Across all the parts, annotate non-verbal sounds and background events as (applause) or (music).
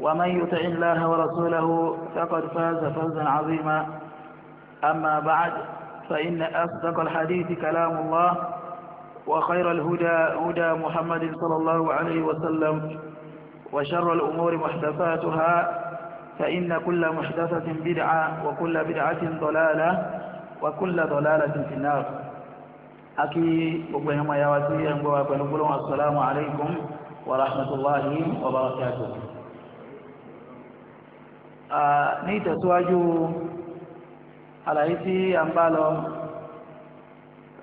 ومن يطع الله ورسوله فقد فاز فوزا عظيما أما بعد فإن أصدق الحديث كلام الله وخير الهدى هدى محمد صلى الله عليه وسلم وشر الأمور محدثاتها فإن كل محدثة بدعة وكل بدعة ضلالة وكل ضلالة في النار أكي أبوهما يا وسيم وأبوهما السلام عليكم ورحمة الله وبركاته ní ìtẹ̀síwájú àlàyé tí a ń bá lọ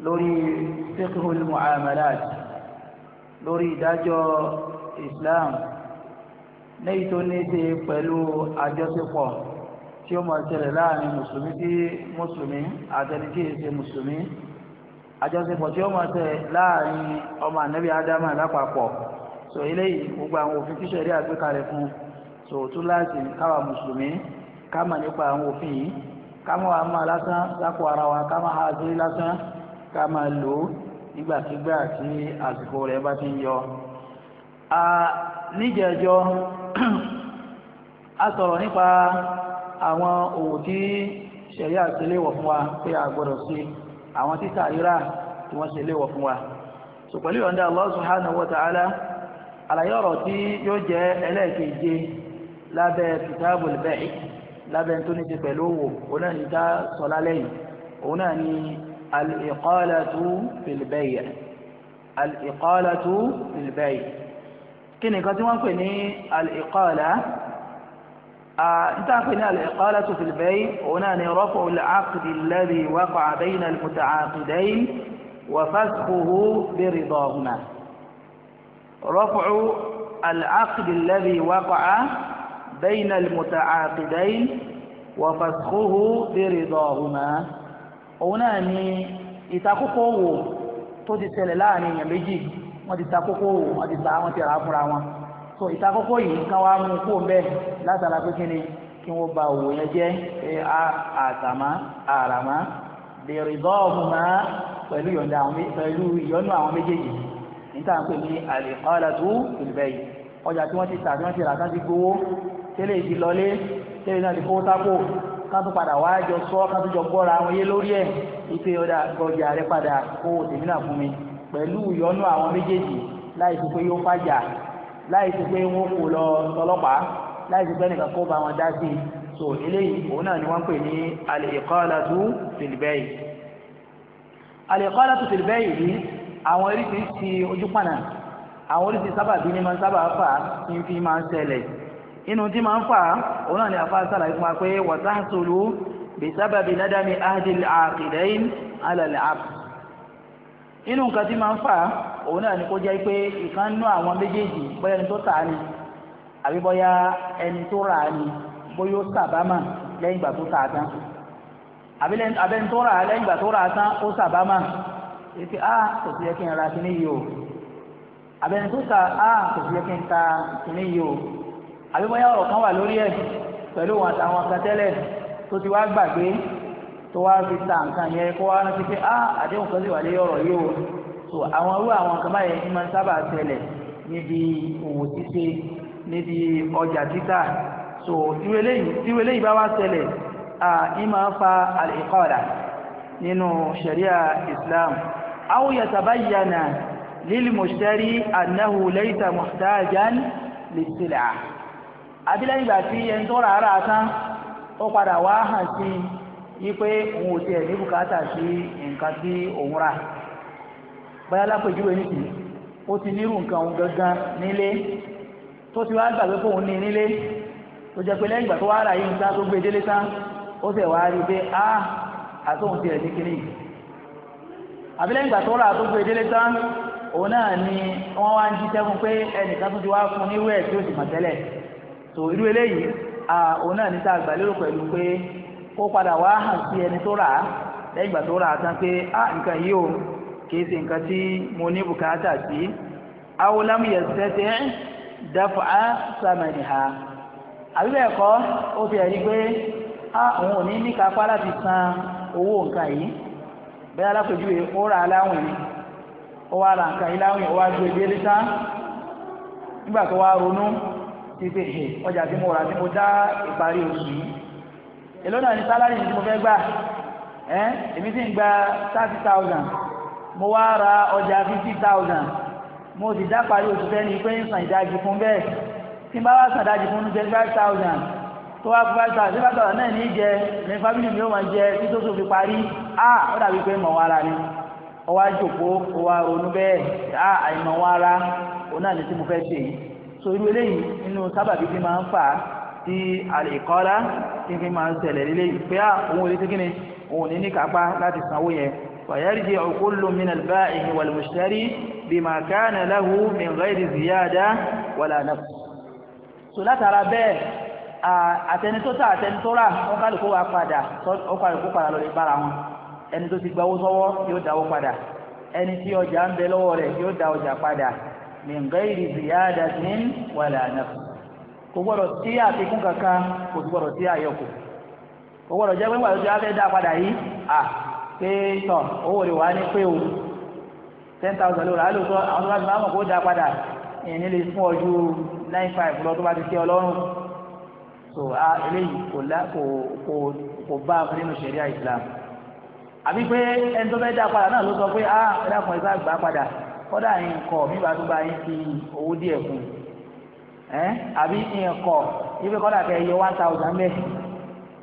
lórí fiqhul mu'amalat lórí ìdájọ́ islam léyìí tó ní ṣe pẹ̀lú àjọṣepọ̀ tí ó máa ṣẹlẹ̀ láàrin mùsùlùmí sí mùsùlùmí àtẹni tí èsè mùsùlùmí àjọṣepọ̀ tí ó máa ṣẹlẹ̀ láàrin ọmọ ànábì ádámà lápapọ̀ sọ eléyìí gbogbo àwọn òfin tíṣẹ̀rí àgbékalẹ̀ fún un sòwòtú láti káwa mùsùlùmí ká mà nípa àwọn òfin yìí ká má wàá lásán lápò ara wa ká má ha sí lásán ká má lò ó nígbàkigbà tí àsìkò rẹ̀ bá ti ń yọ. níjẹ̀jọ́ (clears throat) a sọ̀rọ̀ nípa àwọn òwò tí ṣẹ̀yà ṣe léwọ̀ fún wa pé a gbọ́dọ̀ sí àwọn títà rírà tí wọ́n ṣe léwọ̀ fún wa. sùpẹ̀lú ọ̀dà Allah subhanahu wa ta'ala àlàyé ọ̀rọ̀ tí yóò jẹ́ ẹlẹ́ẹ̀keje lábẹ́ kìtàbù bẹ́ẹ̀ lábẹ́ tó ní ti pẹ̀lú òwò òun náà ta sọlá sọ lálẹ́ yìí òun náà ní al-iqalatu fil bay' al-iqalatu fil bay' kí ni nǹkan tí ń pè ní al-iqala níta pè ní al-iqalatu fil bay' òun náà ní raf'u al-'aqd alladhi waqa'a bayna al-muta'aqidayn wa fasxuhu biridahuma raf'u al-'aqd alladhi بين المتعاقدين وفسخه برضاهما òun náà ni ìtakókò wò tó ti ṣẹlẹ̀ láàrin èèyàn méjì wọ́n ti takókò wò wọ́n ti ta wọ́n ti rà á fúnra wọn so ìtakókò yìí kan wá mú kó bẹ́ẹ̀ látara pé kíni kí wọ́n ba òwò yẹn jẹ́ pé àtàmá àràmá birضاهما pẹ̀lú ìyọnu àwọn méjèèjì níta pé ní al-iqalatu fil bay' ọjà tí wọ́n ti tà tí wọ́n ti rà tán ti gbowó tẹ́lẹ̀ ìdí lọlé tẹ́lẹ̀ náà ti fowó sápò ká tó padà wá jọ sọ ká tó jọ gbọ́ra àwọn yé lórí ẹ̀ ipe ọ̀dà gbọ́jà rẹ padà kó tèmi náà fún mi pẹ̀lú ìyọnu àwọn méjèèjì láì sọ pé yóò fàjà láì sọ pé wọn kò lọ tọlọ́pàá láì sọ pé nìkan kó bá wọn dá sí i so eléyìí òun náà ni wọ́n ń pè ní al-iqalatu fil bay' al-iqalatu inú tí máa ń fà òun náà ni àfa sàlàyé fún wa pé wàtásùlù bisababi nadami ahdil aqidain alàlẹ́ àp inú nǹkan tí máa ń fà òun náà ni kó jẹ́ pé ìkan nú àwọn méjèèjì bóyá ẹni tó tà á ni àbí bóyá ẹni tó rà á ni bóyá ó sàbámà lẹ́yìn ìgbà tó tà á tán àbẹ́ni tó rà á lẹ́yìn ìgbà tó rà á tán ó sàbámà ètò a ah, kò sí yẹ kí n ra kíní yìí o àbẹ́ni a ah, kò sí yẹ kí n ta kíní yìí o àbí bóyá ọ̀rọ̀ kan wà lórí ẹ̀ pẹ̀lú wọn àtàwọn kan tẹ́lẹ̀ tó ti wá gbàgbé tó wá fi ta nǹkan yẹn kó wá rántí pé á ah, àdéhùn kan sì wà lé ọ̀rọ̀ yìí o so àwọn irú àwọn nǹkan báyẹn ní máa ń sábà ṣẹlẹ̀ níbi òwò ṣíṣe níbi ọjà títà so irú eléyìí bá wá ṣẹlẹ̀ ní máa ń fa àlèkọ́ọ̀dà nínú ṣẹ̀ríà Islam àwọn yatabayyana lil mushtari annahu laysa muhtajan lis-sil'a àbí lẹ́yìn ìgbà tí ẹni tó rà á rà á tán ó padà wá hàn sí i pé òun ò tiẹ̀ ní bùkátà sí nǹkan tí òun rà báyà lápèjúwe nìyí ó ti nírú nǹkan òun gangan nílé tó ti wá gbàgbé fóun ní nílé tó jẹ́ pé lẹ́yìn ìgbà tó wá rà yìí nǹkan tó gbé délé tán ó sì wá rí i pé a àtòun tiẹ̀ ní kiri àbí lẹ́yìn ìgbà tó rà tó gbé délé tán òun náà ni wọ́n wá ń jí sẹ́fún pé ẹnìkan tó ti wá fún níwẹ̀ tí ó sì mọ̀ tẹ́lẹ̀ so irú eléyìí òun náà ní sáà gbàlérò pẹ̀lú pé kó padà wá hàn sí ẹni tó rà á lẹ́yìn ìgbà tó rà á tán pé á nǹkan yìí o kì í ṣe nǹkan tí mo ní bùkátà sí awolamu yẹ sẹ́tẹ̀ dáfà á sàmẹ̀nì ha àbí bẹ́ẹ̀ kọ́ ó fi ẹ̀rí pé á òun ò ní ní kápá láti san owó nǹkan yìí bẹ́ẹ̀ ó rà á láwìn ó wá ra nǹkan yìí láwìn pípé hè ọjà tí mo rà tí mo dá ìparí oṣù yìí èló náà ni sálárì tí mo fẹ́ gbà ẹ́ èmi sì ń gba thirty thousand mo wá ra ọjà fifty thousand mo sì dá parí oṣù fẹ́ ni pé ń san ìdajì fún bẹ́ẹ̀ tí n bá wá san ìdajì fún twenty five thousand tó wá fún five thousand twenty five thousand náà ní í jẹ ní fámìlì mi ó máa jẹ tí tó tó fi parí á ó dàbí pé mọ̀ wá ni ọwọ́ àjòkó ọwọ́ àrònú bẹ́ẹ̀ á àìmọ̀ wá òun náà ní tí mo fẹ́ ṣe yìí so irú eléyìí nínú sábàbí tí máa ń fà á tí àlèkọ́lá tí fi máa ń ṣẹlẹ̀ lélẹ́yìí pé àwọn olè tí kíni òun ní ní kápá láti sanwó yẹn fàyẹ́rìjì kullu min al-ba'i wal-mushtari bima kana lahu min ghayri ziyada wala naqs so látara bẹ́ẹ̀ àtẹnitótà àtẹnitọ́ra wọn kálukú wa padà wọn kálukú padà lọ lè bára wọn ẹni tó ti gbawó sọ́wọ́ yóò dáwó padà ẹni tí ọjà ń bẹ lọ́wọ́ rẹ̀ yóò dá ọjà padà min ghairi ziyadatin wala naqs kò gbọ́dọ̀ sí àfikún kankan kò sì gbọ́dọ̀ sí àyọkù kò gbọ́dọ̀ jẹ́ pé wàá tó fẹ́ dá padà yìí à pé tọ̀ owó rẹ̀ wá ní pé o ten thousand lóra á lò tó àwọn tó bá ti máa mọ̀ kó dá padà ìyẹn nílé fún ọ nine five lọ tó bá ti ṣe ọlọ́run so a eléyìí kò lá kò kò kò bá a fún nínú ṣẹ̀ríà Islam àbí pé ẹni tó fẹ́ dá padà náà ló sọ pé a ah, ẹ̀dá kan ìfẹ́ àgbà padà kọ́dà yín kọ̀ bí bá tó bá yín fi owó díẹ̀ kù ẹ́ àbí yín kọ̀ ibi kọ́dà kẹ́ yọ one thousand bẹ́ẹ̀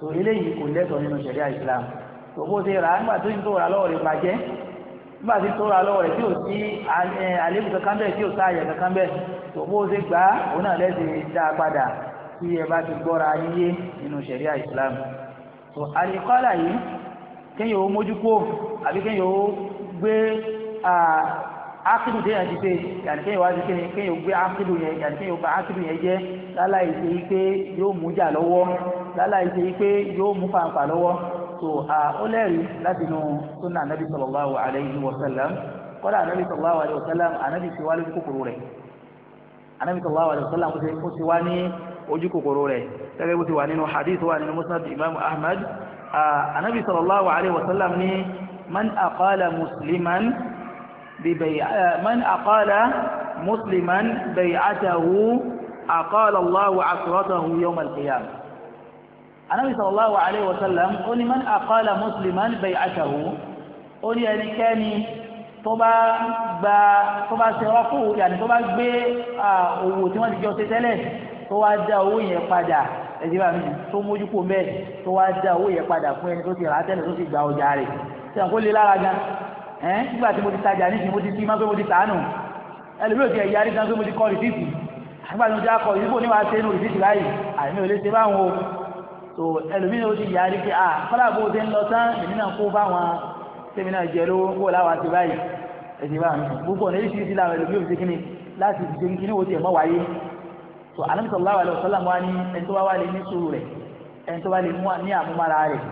tó eléyìí kò lẹ́tọ̀ọ́ nínú ṣẹ̀ríà Islam tó kó ṣe rà nígbà tó ń tó rà lọ́wọ́ rẹ̀ bàjẹ́ nígbà tí tó rà lọ́wọ́ rẹ̀ tí ò sí àléébù kankan bẹ́ẹ̀ tí ò sáàyè kankan bẹ́ẹ̀ tó kó ṣe gbà á òun náà lẹ́sìn dáa padà tí ẹ bá ti gbọ́ra yíyé nínú ṣẹ̀ríà Islam tó àlìkọ́là yìí kéèyàn ó mójú kó àbí kéèyàn ó gbé ákìdù tí yẹn ti pé yàtí kéèyàn wá sí kí ni kéèyàn gbé ákìdù yẹn yàtí kéèyàn gba ákìdù yẹn jẹ́ láláì ṣe pé yóò mú jà lọ́wọ́ láláì ṣe pé yóò mú fàǹfà lọ́wọ́ so ó lẹ́rìí láti nu sunna anabi sallallahu alayhi wa sallam kọ́dà anabi sallallahu alayhi wa sallam anabi ṣe wá lójú kòkòrò rẹ̀ anabi sallallahu alayhi wa sallam ó ṣe wá ní ojú kòkòrò rẹ̀ gẹ́gẹ́ bó ti wà nínú hadith wà nínú musnad imam ahmad anabi sallallahu alayhi wa sallam ní man aqala musliman. ببيع من أقال مسلما بيعته أقال الله عشرته يوم القيامة النبي صلى الله عليه وسلم قال من أقال مسلما بيعته قال يعني كان طبا با طبا سرقه يعني طبا بي owó tí wọ́n ti jọ ṣe tẹ́lẹ̀ tó wá dá owó yẹn padà ẹ̀dí bá mi tó mójú kó mẹ́ẹ̀ tó wá dá owó yẹn padà fún ẹni tó ti rà á tẹ́lẹ̀ tó ti gba ọjà rẹ̀ tí wọ́n kó lé lára gan ẹ̀ nígbà tí mo ti tajà níbi mo ti fi máa pé mo ti tàánù ẹlòmíràn ti ẹ̀yà nígbà pé mo ti kọ́ rìsíìtì àgbà tí mo ti akọ ìdíbò níwà ṣe inú rìsíìtì báyìí àmì ò lè ṣe báwọn o tó ẹlòmíràn ó ti yà á rí pé à kọ́lá bó ṣe ń lọ tán èmi náà kó báwọn tèmi náà jẹ lówó kó láwọn ti báyìí ẹ̀sìn báwọn gbogbo ọ̀nà oríṣiríṣi làwọn ẹlòmíràn ti kíni láti ṣe kíni wo tiẹ̀ mọ́ wáyé tó anamisalawo alẹ́ ọ̀sán làwọn wá ní ẹni tó wá wá lé ní sùúrù rẹ̀ ẹni tó wá lé ní àmúmára rẹ̀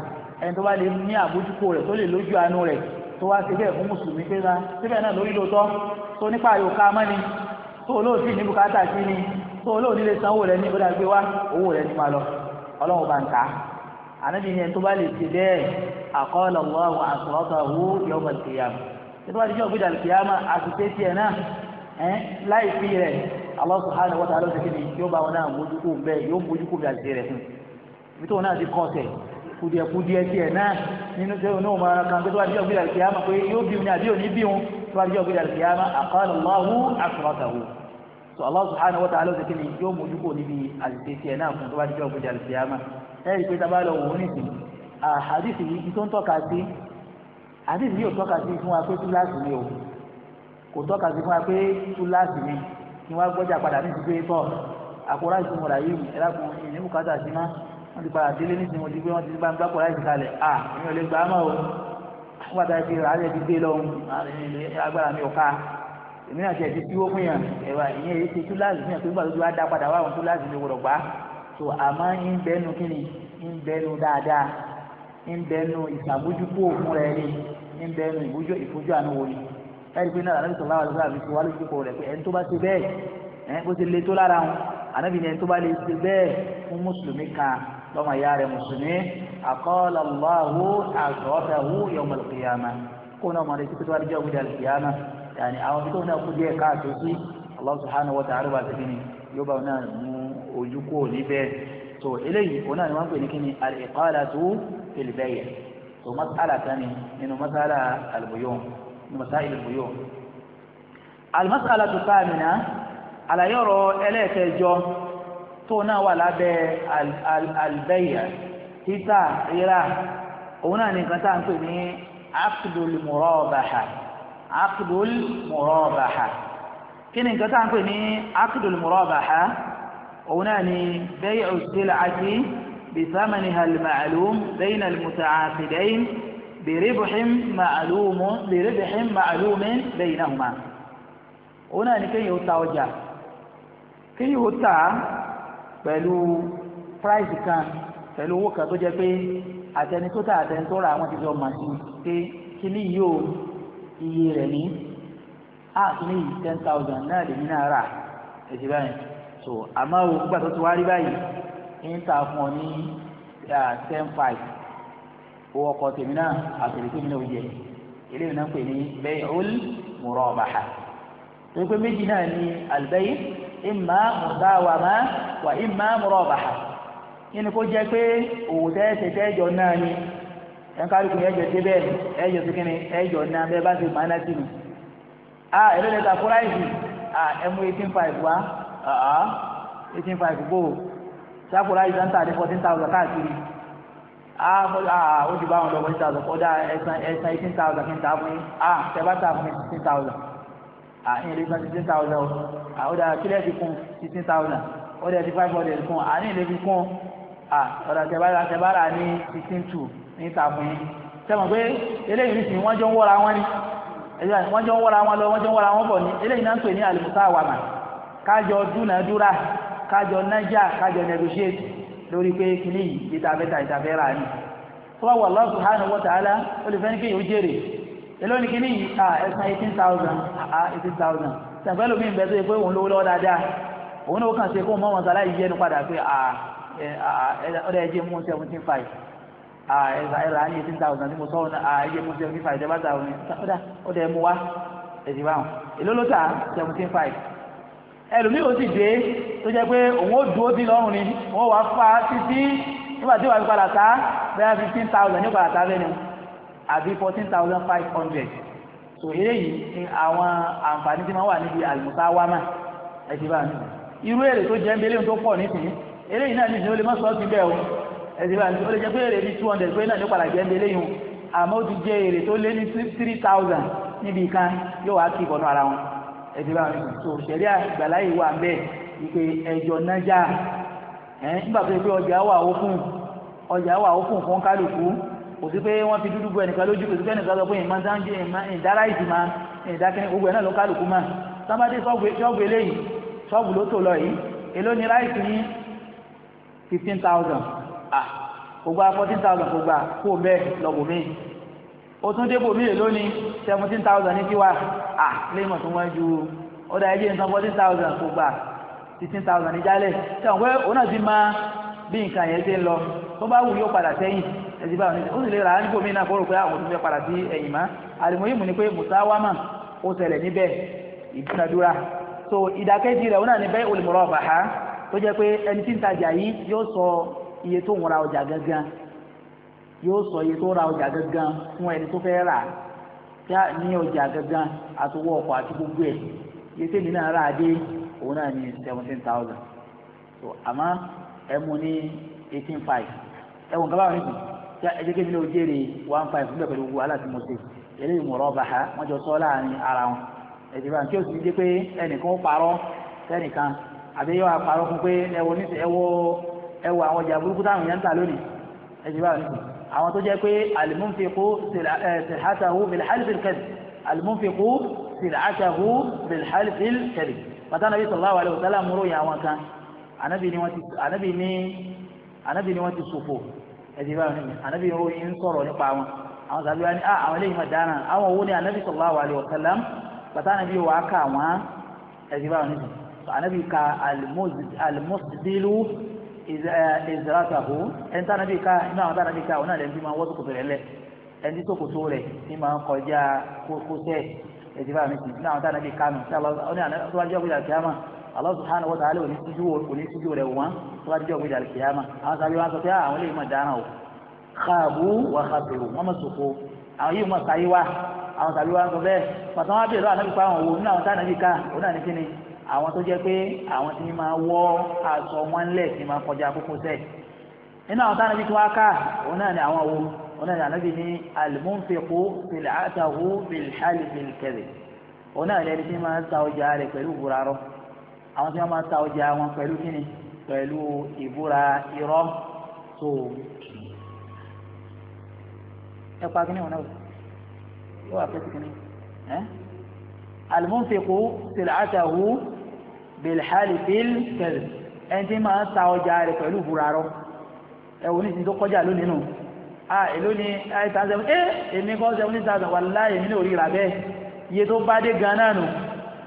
ẹni tó wá lé ní àbójúkò rẹ̀ tó lè lójú àánú rẹ̀ tó wá ṣe bẹ́ẹ̀ fún mùsùlùmí pé ra síbẹ̀ náà lórí lóòótọ́ tó nípa àyòká ni tó olóòtú ní bùkátà sí ni tó olóòtú lè sanwó rẹ ní ìbúdà gbé wá owó rẹ ní máa lọ ọlọ́run bá ń ta ànábì ni ẹni tó bá lè ṣe bẹ́ẹ̀ àkọọ́lọ̀ wọ́ọ̀wọ́ àtúrọ́tọ̀ owó yọ̀ọ́ bá ti yàmù tó bá ti jọ́ gbé dàlùkì yàmà àtúnṣe tiẹ̀ náà ẹ̀ láì fi rẹ̀ Allah subhanahu wa ta'ala ló ti kí ni yóò bá wọn náà mójúkú bẹ́ẹ̀ yóò mójúkú bẹ́ẹ̀ àti rẹ̀ fún kùdìẹ̀kùdìẹ̀ tiẹ̀ náà nínú sẹ́wọ̀n náà máa kan pé tó bá dijọ́ gbéra kìáma pé yóò bí wọn àbí òní bí wọn tó bá dijọ́ gbéra kìáma àkàlù Allahu àfọwọ́tàwò tó Allah subhanahu wa ta'ala ó ti kéde yóò mójú kó níbi àlùfẹ́ tiẹ̀ náà fún tó bá dijọ́ gbéra kìáma ẹ̀ ẹ́ pé tá a bá lọ wò ó nìsín àhàdìsì yìí tó ń tọ́ka sí àdìsì yìí ò tọ́ka sí fún wa pé túláàsì ni o kò tọ́ka sí fún wa pé túláàsì ni ni wọ́n gbọ́jà padà ní ìdíje tọ́ àkórà ìsúnmọ̀ra yìí ẹ̀rá kun ìníbùkátà sí máa wọ́n ti padà délé ní ìsinmi ojú pé wọ́n ti bá ń gbàpọ̀ láìsí kalẹ̀ à èmi ò lè gbà á mọ́ o wọ́n bá ti rà á lè ti gbé lọ́hùn agbára mi ò ká èmi náà ti ẹ̀ ti dúró fún yàn ẹ̀wà ìyẹn èyí ti túláàsì fún yàn pé nígbà tó ti wá dá padà wá àwọn túláàsì mi gbọdọ̀ gbà so àmọ́ ń bẹnu kíni ń bẹnu dáadáa ń bẹnu ìsàmójúkú òkun rẹ ni ń bẹnu ìbújọ ìfojú àánú wo ni ẹ̀rí pé náà ànábì sọ̀rọ̀ àwọn àlùfáà mi ti wá lójú kọ̀ rẹ̀ pé ẹni tó bá ṣe bẹ́ẹ̀ bó ti le tó lára wọn ànábì ni ẹni tó bá le ṣe bẹ́ẹ̀ fún mùsùlùmí kan lọ́mọ ìyá rẹ̀ mùsùlùmí àkọọ́lọ́láhu àgọ́tàhu yọmọ ìkìyàmà kó náà mọ̀ létí pípa díjọ́ gbéjà ìkìyàmà yàní àwọn tó náà kú díẹ̀ káàtó sí Allah subhanahu wa ta'ala àti kíni yóò bá wọn náà mú ojú kó níbẹ̀ tó eléyìí òun náà ni wọ́n pè ní kíni al-iqalatu fil tó mas'ala tani nínú nínú mas'ala tóun náà wà lábẹ́ albẹ́yà títà rírà òun náà ní nǹkan tá à ń pè ní akdul murabaha akdul murabaha kí ni nǹkan tá à ń pè ní akdul murabaha òun náà ní bay'u sil'ati بثمنها المعلوم بين المتعاقدين بربح معلوم بربح معلوم بينهما هنا كي يوتا وجا كي يوتا pẹ̀lú price kan pẹ̀lú owó kan tó jẹ́ pé àtẹni tó tà àtẹni tó ra àwọn ti jọ mà pé kíní yìí ó iye rẹ̀ ní a ah, kíní yìí ten thousand náà lèmi náà rà èsì báyìí so àmọ́ o gbà tó ti wá rí báyìí ń tà fún ọ ní ten five owó ọkọ tèmi náà àtẹ̀lé tèmi náà ó jẹ eléyìí náà pè ní bẹ́ẹ̀ ol mùrọ̀ ọ̀bàhà tó pé méjì náà ní àlùbẹ́yìí. ìmá mùsáwàmá wà ìmá mùrọ̀bàhà nínú kó jẹ́ pé òwò tẹ́ẹ̀sẹ̀ tẹ́ẹ̀jọ náà ni ẹnkárùkù ẹjọ tí bẹ́ẹ̀ ẹjọ tí kìíní ẹjọ náà bẹ́ẹ̀ bá ti máa ná sí a èlò lè ta fúráìsì a ẹmu eighteen five wá eighteen five gbó ṣá fúráìsì ń tà ní fourteen thousand káàkiri a ó ti bá wọn lọ fourteen thousand ẹ̀sán eighteen thousand kí n ta fún yín a bá sixteen thousand. àyìn lè gba sixteen thousand o àwòdà kílẹ̀ ti kún sixteen thousand ọdẹ ti five hundred kún àyìn lè fi kún ọ̀dà tẹ̀bára tẹ̀bára ní sixteen two ní ìtàkùn yìí sẹ́wọ̀n pé eléyìí ní sìn wọ́n jọ ń wọ́ra wọn ni wọ́n jọ ń wọ́ra wọn lọ wọ́n jọ ń wọ́ra wọn bọ̀ ni eléyìí náà ń pè ní àlùmùsá àwàmà kájọ dúnàádúrà kájọ nájà kájọ negotiate lórí pé kìnnìyí ìtàfẹ́ta ìtàfẹ́ rà ni. tó bá wà Allah subhanahu wa ta'ala ó lè fẹ́ ní kéèyàn ó èló ni kíní à ẹ̀sán eighteen thousand àá eighteen thousand sàgbẹ́ lómi ń bẹ tó yẹ pé òun lówó lọ́wọ́ dáadáa òun náà kàn ṣe kó mọ́ wọn sàlàyé yẹnu padà pé à ọ̀dà ẹ̀jẹ̀ mú seventeen five à ẹ̀sán ẹ̀rọ á ní eighteen thousand tí mo sọ ọ̀nà à ẹ̀jẹ̀ mú seventeen five ẹ̀jẹ̀ bá ta òun ọ̀dà ọ̀dà ẹ̀ mú wá ẹ̀sìn báwọn èló ló ta seventeen five ẹlòmí ò sì dé tó jẹ pé òun ó dúró sí lọ́rùn ni wọ́n wá fa títí nígbà tí wàá fi padà ta bẹ́ẹ̀ fifteen thousand ní padà ta bẹ́ẹ̀ ni àbí fourteen thousand five hundred so eléyìí ni àwọn àǹfààní tí máa wà níbi àlùmùsáwámà ẹ ti bá a nìyí irú èrè tó jẹ́ ń belé tó pọ̀ nísìnyí eléyìí náà nìyí ó lè má sọ ọ́ sí bẹ́ẹ̀ o ẹ ti bá a nìyí ó lè jẹ́ pé èrè bíi two hundred pé náà ní padà jẹ́ ń belé yìí àmọ́ ó ti jẹ́ èrè tó lé ní three thousand níbi kan yóò wá kí ìbọnú ara wọn ẹ ti bá a nìyí so sẹ̀rí àgbàláyé wà ń bẹ́ẹ̀ ìpè ẹ̀jọ̀ nájà ẹ̀ nígbà tó pé ọjà wà ó fún ọjà wà ó fún fún kálukú kò sí pé wọ́n fi dúdú bu ẹnìkan lójú kò sí pé ẹnìkan sọ pé ìmọ̀ dáńjú ìdára ìdìmọ̀ ìdákẹ́ni gbogbo ẹ̀ náà ló kálukú mọ̀ sábàdé ṣọ́ọ̀bù eléyìí ṣọ́ọ̀bù ló tò lọ yìí èló ni ráìsì ní fifteen thousand ah gbogbo fourteen thousand gbogbo kó bẹ́ẹ̀ lọ́gbọ̀n mi ó tún débò mí èló ni seventeen thousand ní tiwa ah lẹ́yìn mọ̀ tó wọ́n ju ó dá ẹjẹ́ nǹkan fourteen thousand gbogbo fifteen thousand ní jálẹ̀ ṣé wọn pé òun náà ti máa bí nǹkan yẹn ṣe ń lọ tó bá wù yóò padà sẹ́yìn ẹ̀sìn báwọn ní ó sì lè rà á níbo mí náà kó rò pé àwọn ah, tó fẹ́ padà sí ẹ̀yìn má àlùmọ́yìmù ni pé mùsáwámà ó ṣẹlẹ̀ níbẹ̀ ìdúnadúrà so ìdákẹ́jì rẹ̀ náà ni bẹ́ẹ̀ olùmọ̀rọ̀ ọ̀bà ha tó jẹ́ pé ẹni tí ń tajà yìí yóò sọ iye tó ń ra ọjà gangan yóò sọ iye tó ra ọjà gangan fún ẹni tó fẹ́ rà já ní ọjà gangan àtúwò ọkọ̀ àti gbogbo ẹ̀ iye tèmi náà rà dé òun náà ni seventeen thousand so àmọ́ ẹ mú ní eighteen five ẹ wọ̀n kábàámọ̀ nìkan kí ẹjẹ kébìlẹ ó jèrè one five fúnbẹ pẹ̀lú gbogbo aláàtìmọsẹ eléyìí murabaha wọn jọ sọ láàrin ara wọn ẹdìbò àti òsì jẹ pé ẹnìkan ó parọ́ sẹnìkan àbí yóò parọ́ fún pé ẹwọ ní ẹwọ ẹwọ àwọn ọjà burúkú táwọn yẹn ń tà lónìí ẹdìbò àti àwọn tó jẹ pé alimunfiqu silhatahu bilhalifil kadhib alimunfiqu silhatahu bilhalifil kadhib pàtàkì sallallahu alaihi wasallam múrò yà wọn kan ànábì ni wọn ti ṣòfò ẹ̀dí bá wọn ànábì ròyìn ń sọ̀rọ̀ nípa wọn àwọn sàbí wa ni ah àwọn eléyìí mà dáná àwọn owó ni ànábì sallallahu alaihi wasallam bàtà ànábì wà á kà wọ́n ẹ̀dí bá wọn ànábì ka alimusdilu ìziratahu eh, ẹni tí ànábì ka inú àwọn tí ànábì ka ọ̀nà lẹ́nu tí máa wọ́ sókòtò rẹ̀ lẹ̀ ẹni tó kòtò rẹ̀ tí máa kọjá kókó tẹ̀ ẹ̀dí bá wọn inú àwọn tí ànábì ka nù tí àwọn tí wọ́n jẹ́ Allah subhanahu wa ta'ala òní tíjú òní tíjú rẹ̀ wọ́n tó bá jẹ́ òmìnira kìyàmà àwọn sábẹ́ wọn sọ pé ah, àwọn eléyìí máa dáná o xaabu wà xaabiru wọn máa sòfò àwọn yìí máa sáyé wa àwọn sábẹ́ wọn sọ bẹ́ẹ̀ pàtó wọn bèèrè lọ́wọ́ anábìpá àwọn wo nínú àwọn táwọn anábìká òun náà ní kíni àwọn tó jẹ́ pé àwọn ti máa wọ́ aṣọ wọn lẹ̀ ti máa kọjá kókó sẹ́ẹ̀ nínú àwọn táwọn anábìká wá òun náà ní àwọn wo òun náà ní anábì ní alimunfiqu bil'atahu bilhali bilkẹ́rì òun náà ní ẹni tí máa ń ọjà rẹ̀ pẹ̀lú ìwúrarọ̀ àwọn tí wọ́n máa ta ọjà wọn pẹ̀lú kíni pẹ̀lú ìbúra irọ́ tó ẹ pa kíni wọn náà yóò wà pẹ́sì kíni ẹ́ alimunfiku silatahu bilhali bil kẹlẹ ẹni tí máa ta ọjà rẹ̀ pẹ̀lú ìbúra rọ ẹ wò ní ti tó kọjá lónìí nù a èló ni ẹ tàn sẹ́wọ́n ẹ èmi kọ́ sẹ́wọ́n ní tàn sẹ́wọ́n wàláyé ní orí rà bẹ́ẹ̀ iye tó bá dé gan náà nù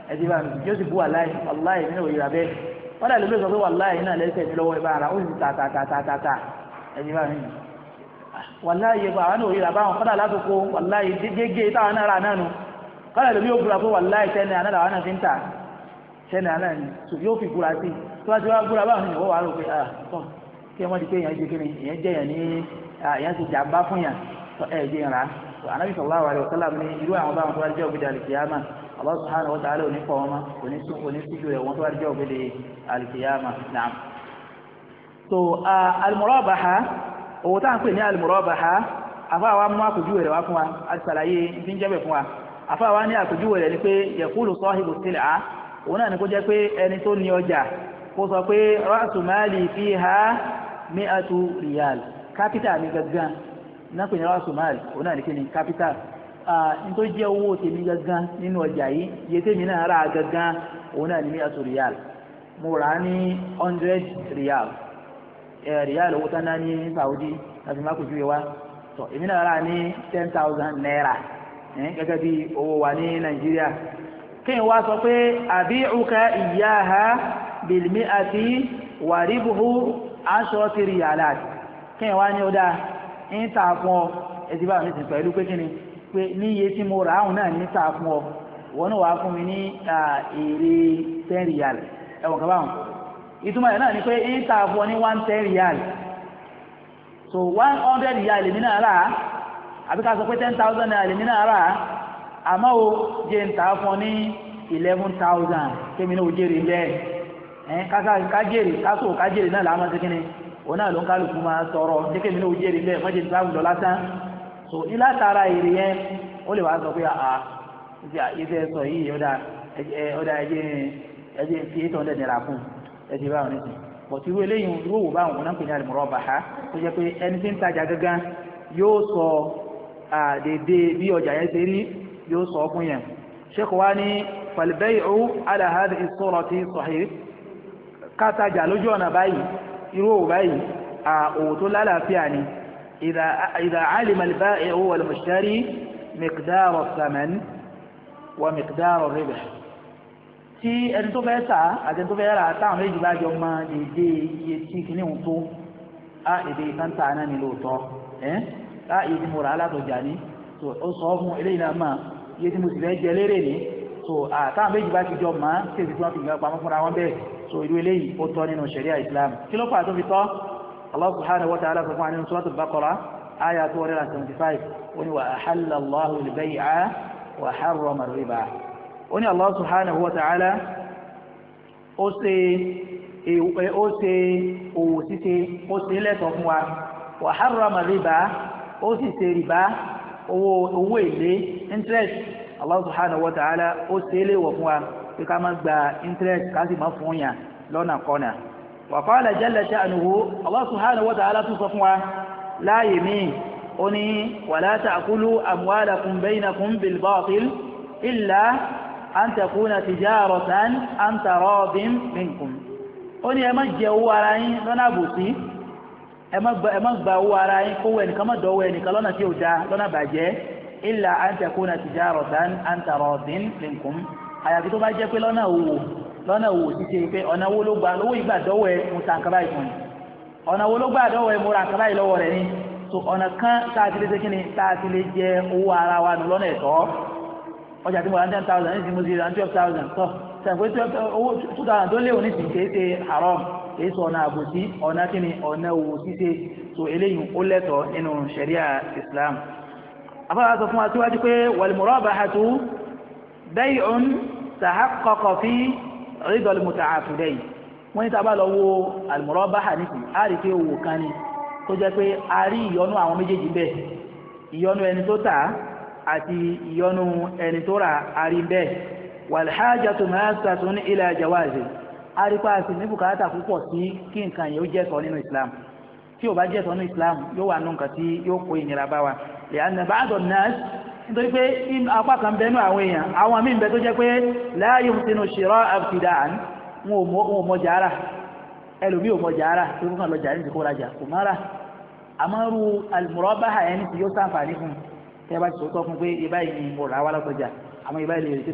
ẹtì bá mi yóò sì bú wàláyé wàláyé nínú òyìnbá bẹ́ẹ̀ wọ́n dà lóbi sọ pé wàláyé náà lẹ́sẹ̀ mi lọ́wọ́ ẹ bá ó sì ta ta ta ta ta ta ẹtì bá mi wàláyé bá àwọn òyìnbá bá wọn kọ́dà látòkò wàláyé gégé táwọn náà rà náà nù kọ́dà lóbi yóò búra pé wàláyé sẹ́ni àná làwọn náà fi ń tà sẹ́ni àná ni yóò fi búra sí tí wọ́n ti wá búra báwọn ènìyàn wọ́n wà á rò pé ah kí wọ́n di pé èèyàn jẹ kiri èèyàn jẹ èèyàn ní èèyàn ti jàmbá fún yàn ẹ̀ jẹ́ yàn rà ànábì sallallahu alaihi wasallam ní irú àwọn báwọn tó wá jẹ́ òbí dàlẹ́ kìámà Allah subhanahu wa ta'ala òní kọ́ wọn ma òní sún òní síjú rẹ̀ wọ́n tó wá di jẹ́ òbí de alikiyama naam. so alimurabaha owó tá à ń pè ní alimurabaha afa wa mú àpèjúwe rẹ̀ wá fún wa àtìsàlàyé ní jẹ́bẹ̀ fún wa afa wa ní àpèjúwe rẹ̀ ni pé yaqulu sahibu sil'a òun náà ni kó jẹ́ pé ẹni tó ní ọjà kó sọ pé ra'su mali fiha mi'atu riyal kápítà mi gangan náà pè ní ra'su mali òun náà ni kí ni kápítà tó jẹ́ owó tèmi gangan nínú ọjà yìí iye tèmi náà rà gangan òun náà ní mi àtò rìal mo rà á ní hundred rìal rìal owó tán náà ní Saudi láti má kojú wa tọ èmi náà rà á ní ten thousand naira gẹ́gẹ́ bí owó wa ní Nàìjíríà kéèyàn wá sọ pé àbí òkà ìyá ha bìlmí àti wàríbùhù aṣọ ti rìal àti wá ní ó ń ta fún ọ ẹ ti pẹ̀lú pé kí ni pé níye tí mo rà áhùn náà ní sáà fún ọ wọn náà wàá fún mi ní èrè ten rial ẹ̀wọ̀n kan báwọn ìtumọ̀ ẹ̀ náà ni pé ń sáà fún ọ ní one ten rial so one hundred rial lèmi náà rà á àbí ká sọ pé ten thousand naira lèmi náà rà á àmọ́ o jẹ́ ń tà fún ọ ní eleven thousand kémi náà ó jèrè bẹ́ẹ̀ ẹ̀ káká kájèrè kásò kájèrè náà làá máa ṣe kí ni òun náà ló ń kálukú máa sọ̀rọ̀ jẹ́ kémi náà ó jèrè bẹ́ẹ̀ mọ́jẹ́ ní báwùjọ lásán so ìlàtara èrè yẹn ó lè wá sọ pé àá iṣẹ́ sọ yìí ọ̀dà ọ̀dà ẹ̀jẹ̀ ẹ̀jẹ̀ fi eight hundred naira kún ẹ̀jẹ̀ báwọn ní sìn bọ̀tí irú eléyìí irú òwò báwọn náà ń pè ní àlùmọ̀rọ̀ bàá tó jẹ́ pé ẹni tí ń tajà gángan yóò sọ àdèdè bí ọjà yẹn ṣe rí yóò sọ fún yẹn ṣékò wá ní pàlìbẹ́yìí ala hadhihi surati sahih kátajà lójú ọ̀nà báyìí irú òwò báyìí òwò tó lálàáfíà ni إذا, إذا علم البائع والمشتري مقدار الثمن ومقدار الربح tí ẹni tó fẹ́ tà àti ẹni tó fẹ́ rà táwọn méjì bá jọ mọ dédé iye tí kìíní ń tó á èdè ìtàn tà náà ní lóòótọ́ ẹ́ á iye tí mo rà alátọ̀jà ní tó ó sọ fún eléyìí náà mà iye tí mo sì fẹ́ jẹ lérè ní tó àtàwọn méjì bá ti jọ mọ tètè tí wọ́n fi gbà pamọ́ fúnra wọn bẹ́ẹ̀ tó irú eléyìí ó tọ́ nínú ṣẹ̀ríà Islam kí ló fà tó fi tọ́ Allah subhanahu wa ta'ala fún àwọn sọ́tù bákọ́rá ayà tó wọlé láti 75 wọ́n wà ahalla Allahu al-bay'a wa harrama ar-riba wọ́n ni Allah subhanahu wa ta'ala ó ṣe ó ṣe òwò ṣíṣe ó ṣe lẹ́tọ̀ọ́ fún wa wa harrama ar-riba ó sì ṣe rìbá owó owó èlé interest Allah subhanahu wa ta'ala ó ṣe léwọ̀ fún wa pé ká má gba interest ká sì má fún yàn lọ́nà kọ́nà wàkọ́lá jẹ́lẹ̀ tí a nùhó Allah subhanahu wa ta'ala tún sọ fún wa láàyè mí ó ní wàlá ta'kulu amwalakum bainakum bil batil illa an takuna tijaratan an taradin minkum ó ní ẹ má jẹ owó ara yín lọ́nà àbòsí ẹ má gba owó ara yín kówó ẹnìkan má dọ̀wọ́ ẹnìkan lọ́nà tí ò dáa lọ́nà bàjẹ́ illa an takuna tijaratan an minkum àyàfi tó bá jẹ́ pé lọ́nà òwò lọ́nà wo títí pé ọ̀nà wo ló gba lówó ìgbà dọ́wọ́ ẹ mo ta nǹkan báyìí fún ni ọ̀nà wo ló gba dọ́wọ́ ẹ mo ra nǹkan báyìí lọ́wọ́ rẹ ni so ọ̀nà kan tá a ti lè ṣe kí ni tá a ti lè jẹ owó ara wa nù lọ́nà ẹ̀tọ́ ọjà tí mo ra ten thousand nísìnyí mo ti ra twelve thousand tọ́ sàgbé owó two thousand tó léwu nísìnyí kì í ṣe haram kì í ọ̀nà àbòsí ọ̀nà kí ọ̀nà owó ṣíṣe so eléyìí ó lẹ́tọ̀ọ́ rídọ̀ lèmọ̀tà àfìdẹ́ yìí wọ́n ní tábà lọ wo àlùmọ̀rọ̀ bá hà nìkú á rí pé owó kan ni tó jẹ́ pé a rí ìyọnu àwọn méjèèjì bẹ́ẹ̀ ìyọnu ẹni tó tà àti ìyọnu ẹni tó rà á rí bẹ́ẹ̀ wàlhájà tó máa sàtún ní ilẹ̀ àjàwáàzì á rí pa àti ní bùkátà púpọ̀ sí kí nǹkan yẹn ó jẹ́ nínú Islam tí ò bá jẹ́ nínú Islam yóò wà nù nítorí pé apá kan bẹnu àwọn èèyàn àwọn míì bẹ tó jẹ́ pé láàyè ń tinú ṣìrọ́ àfìdá wọn ò ara ẹlòmíì ò ara tó kàn lọ jà ní rajà kò má àmọ́rú àlùmọ́rọ́ ẹni tí yóò fún ti sọ́tọ́ fún pé ibà yìí ni wá lọ́sọjà àmọ́ ibà lè ṣe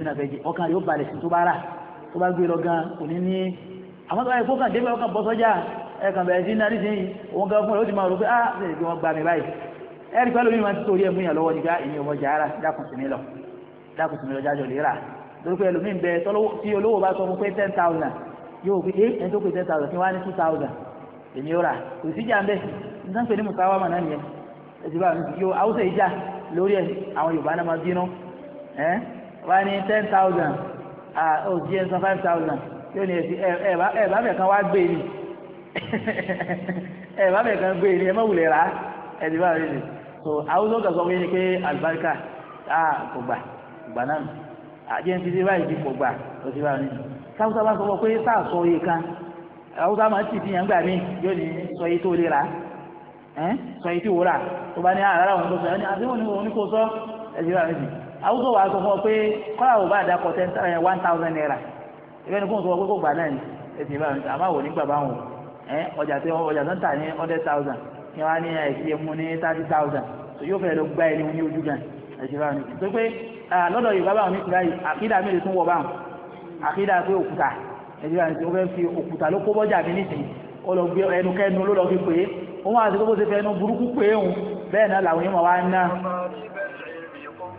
nínú ẹ̀rí pẹ́lú mi máa ti torí ẹ̀ múyàn lọ́wọ́ nígbà ah, èmi ọmọ jàrá dákùn sí mi lọ dákùn sí mi lọ jájọ lè rà lórí pé ẹlòmíín bẹ tí olówó bá sọ fún pé ten thousand yóò fi ẹ ẹ tó pé ten thousand kí wọ́n á ní two thousand èmi ó rà kò sí jà ń bẹ̀ nǹkan pè ní mùsàwá mà náà nìyẹn ẹtì bá mi yóò haúsẹ̀ ìjà lórí ẹ̀ àwọn Yorùbá náà máa bínú ẹ wá ní ten thousand ah, di ẹ̀ ń san five thousand yóò ní ẹtì ẹ ẹ bá bẹ̀ kan wá gbé ni (laughs) ẹ bá bẹ̀ kan gbé ni ẹ má wulẹ̀ rà ẹtì bá mi nìyẹn so àwọn tó kà sọ fún yín pé àlùbáríkà á kò gbà gbà náà àjẹ́ ní títí báyìí kò gbà kò sí báyìí káwùsá bá sọ fún pé sáà sọ iye kan káwùsá máa ti fihàn gbà mí yóò ní sọ iye tó lè rà sọ iye tí wò rà tó bá ní àrárá òun tó sọ ẹni àti òun ní kò sọ ẹ sí báyìí àwùjọ wa sọ fún ọ pé kọ́lá ò bá dàkọ̀ ten one thousand naira ìbẹ́ni fún sọ pé kò gbà náà ni ẹ sì báyìí àmọ́ àwọn onígbà báwọn ní kí wọ́n á ní ẹ̀sìn mú ní thirty thousand So yóò fẹ́ẹ́ lọ gbá ẹni ní ojú gan ẹ̀sìn báwọn ní tó pé lọ́dọ̀ yorùbá báwọn ní ti báyìí àkídà mélòó tún wọ báwọn àkídà pé òkúta ẹ̀sìn báwọn ní ó fẹ́ fi òkúta ló kó bọ́jà mi nísìnyí ó lọ gbé ẹnu kẹ́nu ló lọ fi pè é òun àti kó bó ṣe fẹ́ ẹnu burúkú pè é òun bẹ́ẹ̀ náà làwọn yóò máa wá ná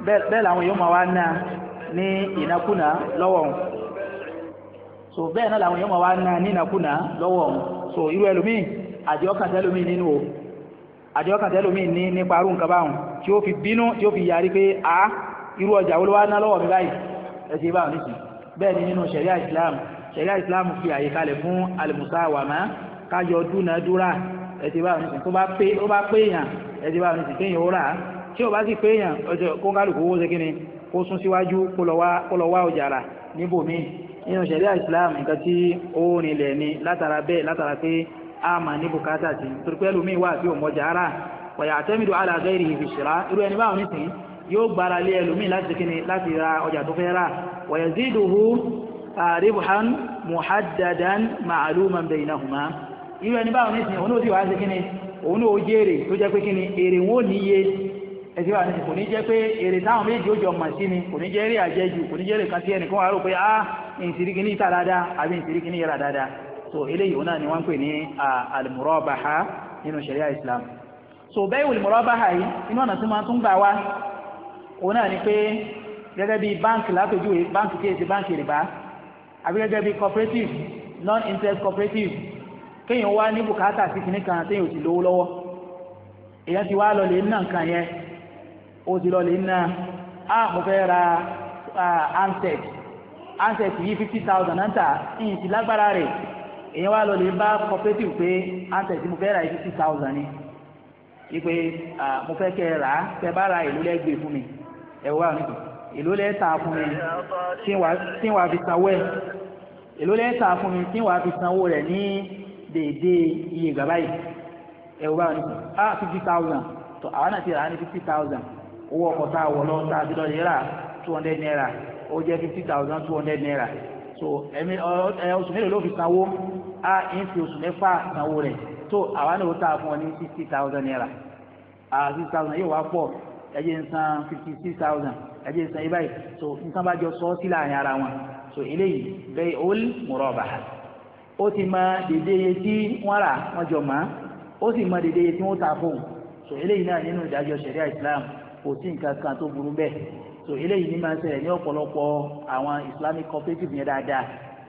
bẹ́ẹ̀ làwọn yóò máa wá ná ní ìnákúnà lọ́wọ́ so bẹ́ẹ̀ náà làwọn yóò máa wá ná ní ìnákúnà lọ́wọ́ so irú ẹlòmíì àjọ kàtẹ́lòmíì nínú o àdéhọ́kàtẹ́lómi ní nípa arú nǹkan báhùn tí ó fi bínú tí ó fi yarí pé a irú ọjà olówó ná lọ́wọ́ mi báyìí ẹ̀sìn báhùn nìsín bẹ́ẹ̀ ni nínú ṣẹ̀ríà islam ṣẹ̀ríà islam fi àyè kalẹ̀ fún alimusawama kájọ dúnadúrà ẹ̀sìn báhùn nìsín tó bá pé ó bá pé èèyàn ẹ̀sìn báhùn nìsín kéèyàn ó rà á tí ó bá sì pé èèyàn kó kálukú owó ṣe kíni kó sún síwájú kó lọ wá ọjà rà níbòmíì nínú islam nǹkan tí ó rinlẹ̀ ni látara bẹ́ẹ̀ a máa ní bùkátà sí torí pé ẹlòmíì wà tí òun ọjà ara wàyà àtẹ́mìdò aláàgẹ́rì ìfìṣìrá irú ẹni báwọn nísìnyí yóò gbára lé ẹlòmíì láti kíni láti ra ọjà tó fẹ́ rà wàyà ziduhu ribhan muhaddadan ma'luman baynahuma irú ẹni báwọn nísìnyí òun náà ti wàá sí kíni òun náà ó jèrè tó jẹ́ pé kíni èrè wọn ò níye wa ni kò ní jẹ́ pé èrè táwọn méjì ó jọ mọ̀ sí ni kò ní jẹ́ èrè àjẹjù kò ní jẹ́ èrè kan sí ẹnìkan wà rò pé ah ìǹsìrìkì ní ìta dáadáa àbí ìǹsìrìkì ní ìyára dáadáa so eleyi òun ni wọn kwe ni al nínú sharia islam so iwu al-murabaha yìí inú ọ̀nà tí ma tún gbà wá ni pé gẹ́gẹ́ bí báńkì lápèjúwe báńkì tí báńkì rìbá àbí gẹ́gẹ́ bí cooperative non-interest cooperative kéèyàn wá ní bùkátà sí kìnnì kan téèyàn ò sì lówó lọ́wọ́ èèyàn ti wá lọ lè nǹkan yẹn ó lọ a mo fẹ́ ra handset handset yìí fifty thousand náà ta ìyìn èyàn wá lọ lè bá cooperative pé asset mo fẹ́ ra yìí fifty thousand ni ipe mo fẹ́ kẹ́ ẹ rà á kẹ́ ẹ bá ra ìlú lẹ́gbẹ̀ẹ́ fún mi ẹ wá nìkan ìlú lẹ́ẹ̀ta fún mi tí wàá fi sanwó ẹ̀ ìlú lẹ́ẹ̀ta fún mi tí wàá fi sanwó rẹ̀ ní déédéé iye gàbá yìí ẹ wá nìkan ah fifty thousand tó àwọn náà ti rà á ní fifty thousand owó ọkọ̀ tá a wọ̀ lọ tá a ti lọ lè rà two hundred naira ó jẹ́ fifty thousand two hundred naira so ẹ̀mí oṣù mélòó ló fi sanwó a ń fi oṣù mẹ́fà sanwó rẹ̀ tó àwa náà ó tà fún ọ ní sixty thousand naira six thousand yóò wá pọ̀ ẹ̀jẹ̀ ń san fifty six thousand ẹ̀jẹ̀ ń san ibà yìí so nǹkan bá jọ sọ ọ́ sí láàrin ara wọn so eléyìí bẹ́ẹ̀ ó múrọ̀ ọ̀bà ó ti mọ dédé iye tí wọ́n rà wọ́n jọ mọ́ ó sì mọ dédé iye tí wọ́n tà fóun so eléyìí náà nínú ìdájọ́ ṣẹ̀ríà Islam kò sí nǹkan kan tó burú bẹ́ẹ̀ so eléyìí ní máa ń ṣẹlẹ̀ ní ọ̀pọ̀lọpọ̀ àwọn islamic cooperative yẹn dáadáa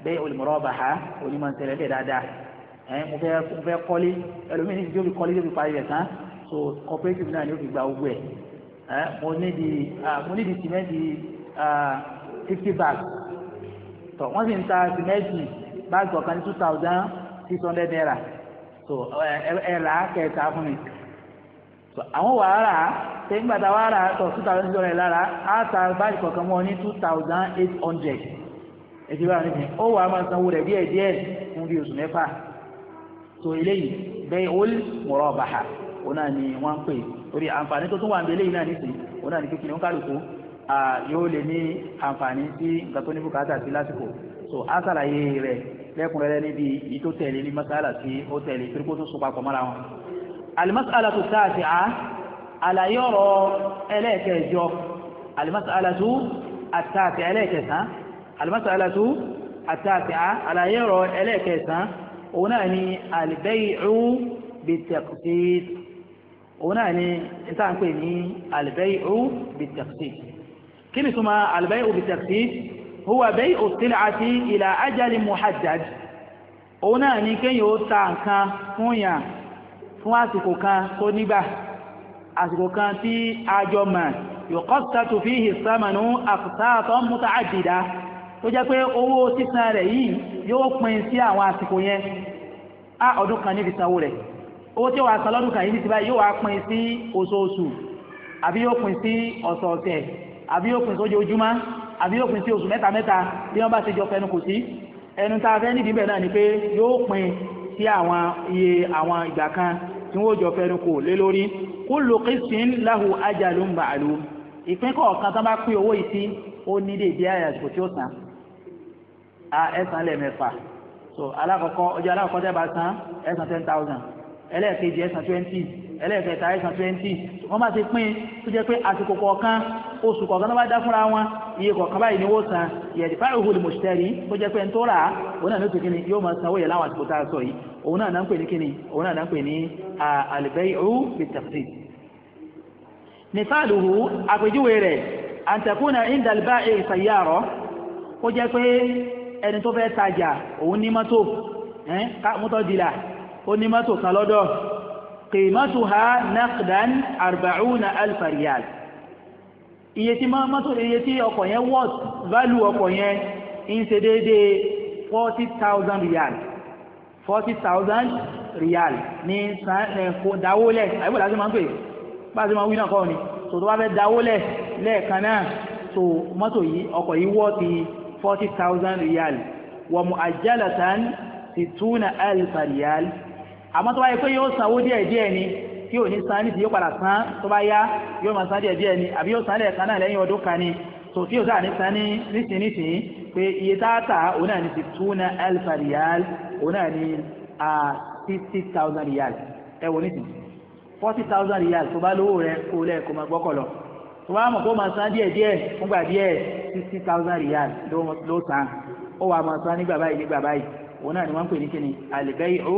bẹ́ẹ̀ olùmọ̀rọ̀bàhá òní máa ń ṣẹlẹ̀ bẹ́ẹ̀ dáadáa ẹ̀ mo fẹ́ mo fẹ́ kọ́lé ẹlòmíì ní ti jóbi kọ́lé jóbi parí rẹ̀ tán so cooperative náà ni ó fi gba owó ẹ̀ ẹ̀ mo ní di mo ní di sìmẹ́ǹtì fifty bags tọ̀ wọ́n sì ń ta sìmẹ́ǹtì báàgì ọ̀kan ní two thousand six hundred naira so ẹ̀ ẹ̀ rà á kẹta fún mi àwọn wàhálà tẹ́gbàtà wàhálà tọ̀ two thousand six hundred lára á ta báàgì kọ̀ọ̀kan mọ́ ní two thousand eight hundred ẹ̀sìn báwọn nìkan ó wàá máa sanwó rẹ̀ díẹ̀ díẹ̀ fún bí oṣù mẹ́fà tó eléyìí bẹ́ẹ̀ ó mọ̀rọ̀ bàhà òun náà ni wọ́n ń pè orí àǹfààní tó tún wà ń bẹ eléyìí náà nìsín òun náà ni kékeré ń kálukú yóò lè ní àǹfààní sí nǹkan tó ní bùkátà sí lásìkò so á ṣàlàyé rẹ̀ lẹ́kùnrẹ́rẹ́ níbi ìtó tẹ̀lé ní masala tí ó tẹ̀lé torí kó tó so mọ́ra wọn alimasalatu sáàtìá àlàyé ọ̀rọ̀ ẹlẹ́ẹ̀kẹjọ alimasalatu àtàtìá ẹlẹ́ẹ̀kẹsàn alimasalatu àtàtìá àlàyé ọ̀rọ̀ ẹlẹ́ẹ̀kẹsàn òun náà ni alibẹ́yìí bitẹ̀kùtìt òun náà ni ìta ń pè ní alibẹ́yìí bitẹ̀kùtìt kí ni túmọ̀ alibẹ́yìí bitẹ̀kùtìt huwa bẹ́yìí sil'ati ila ajali muhaddad òun náà ni kéèyàn ó ta nǹkan fún yàn fún àsìkò kan tó nígbà àsìkò kan tí àjọ mà yuqassatu fihi samanu aqsatan muta'addida tó jẹ́ pé owó sísan rẹ̀ yìí yóò pín sí àwọn àsìkò yẹn á ọdún kan níbi sanwó rẹ̀ owó tí ó wà san lọ́dún kan yìí ti báyìí yóò wá pín sí oṣooṣù àbí yóò pín sí ọ̀sọ̀ọ̀sẹ̀ àbí yóò pín sí àbí yóò pín sí oṣù mẹ́ta mẹ́ta bí wọ́n bá ti jọ fẹnu kò sí ẹnu tá a fẹ́ nídìí bẹ̀ náà ni pé yóò pín sí àwọn iye àwọn ìgbà kan tí wọ́n jọ fẹ́nu kò lé lórí kullu qistin lahu ajalun ma'lum ìpín kọ̀ọ̀kan tó bá pín owó yìí sí ó ní dèbí àyàsìkò tí ó san ẹ̀sán lẹ́ẹ̀mẹ́fà so alákọ̀ọ́kọ́ ọjọ́ alákọ̀ọ́kọ́ tẹ́ bá san ẹ̀sán ten thousand ẹlẹ́ẹ̀kejì ẹ̀sán twenty ẹlẹ́ẹ̀kẹta ẹ̀sán twenty wọ́n bá ti pín tó jẹ́ pé àsìkò kọ̀ọ̀kan oṣù kọ̀ọ̀kan tó bá dá fúnra wọn iye kọ̀ọ̀kan báyìí ni wọ́n san ìyẹ̀dìfá ìhòòlù mọ̀ṣítẹ́rì tó jẹ́ pé ń tó rà á òun náà ló ti kíni yóò máa sanwó yẹn láwọn àsìkò tá a sọ yìí òun náà náà ń pè ní kíni òun náà náà ń pè ní al-bay'u bit-taqsim. àpèjúwe rẹ̀ an qimatuha naqdan arba'una alfa riyal iye tí mọ́tò iye tí ọkọ̀ yẹn worth value ọkọ̀ yẹn ń ṣe déédéé forty thousand riyal forty thousand riyal ní dáwọ́lẹ̀ àyẹ̀wò láti máa ń pè bá a ti máa wí náà kọ́ ni tó tó bá fẹ́ dáwọ́lẹ̀ lẹ́ẹ̀kan náà tó mọ́tò yìí ọkọ̀ yìí worth forty thousand riyal wa mu'ajjalatan situna alfa riyal àmọ́ tó bá yẹ pé yóò sanwó díẹ̀ díẹ̀ ni tí ò ní san ní ti yóò padà san tó bá yá yóò máa san díẹ̀ díẹ̀ ni àbí yóò san lẹ́ẹ̀kan náà lẹ́yìn ọdún kan ni tó tí ní san ní nísìnyìí pé iye táàtà òun náà ní ti túnà alfa riyal òun náà ní fifty thousand riyal ẹ wò nísìnyìí forty thousand riyal tó bá lówó rẹ kó lẹ́ẹ̀ kó máa gbọ́kọ̀ lọ tó bá mọ̀ kó máa san díẹ̀ díẹ̀ fúngbà díẹ̀ sixty thousand riyal ló san ó wà máa san nígbà báyìí nígbà báyìí òun náà ni wọ́n ń pè ní kíni al-bay'u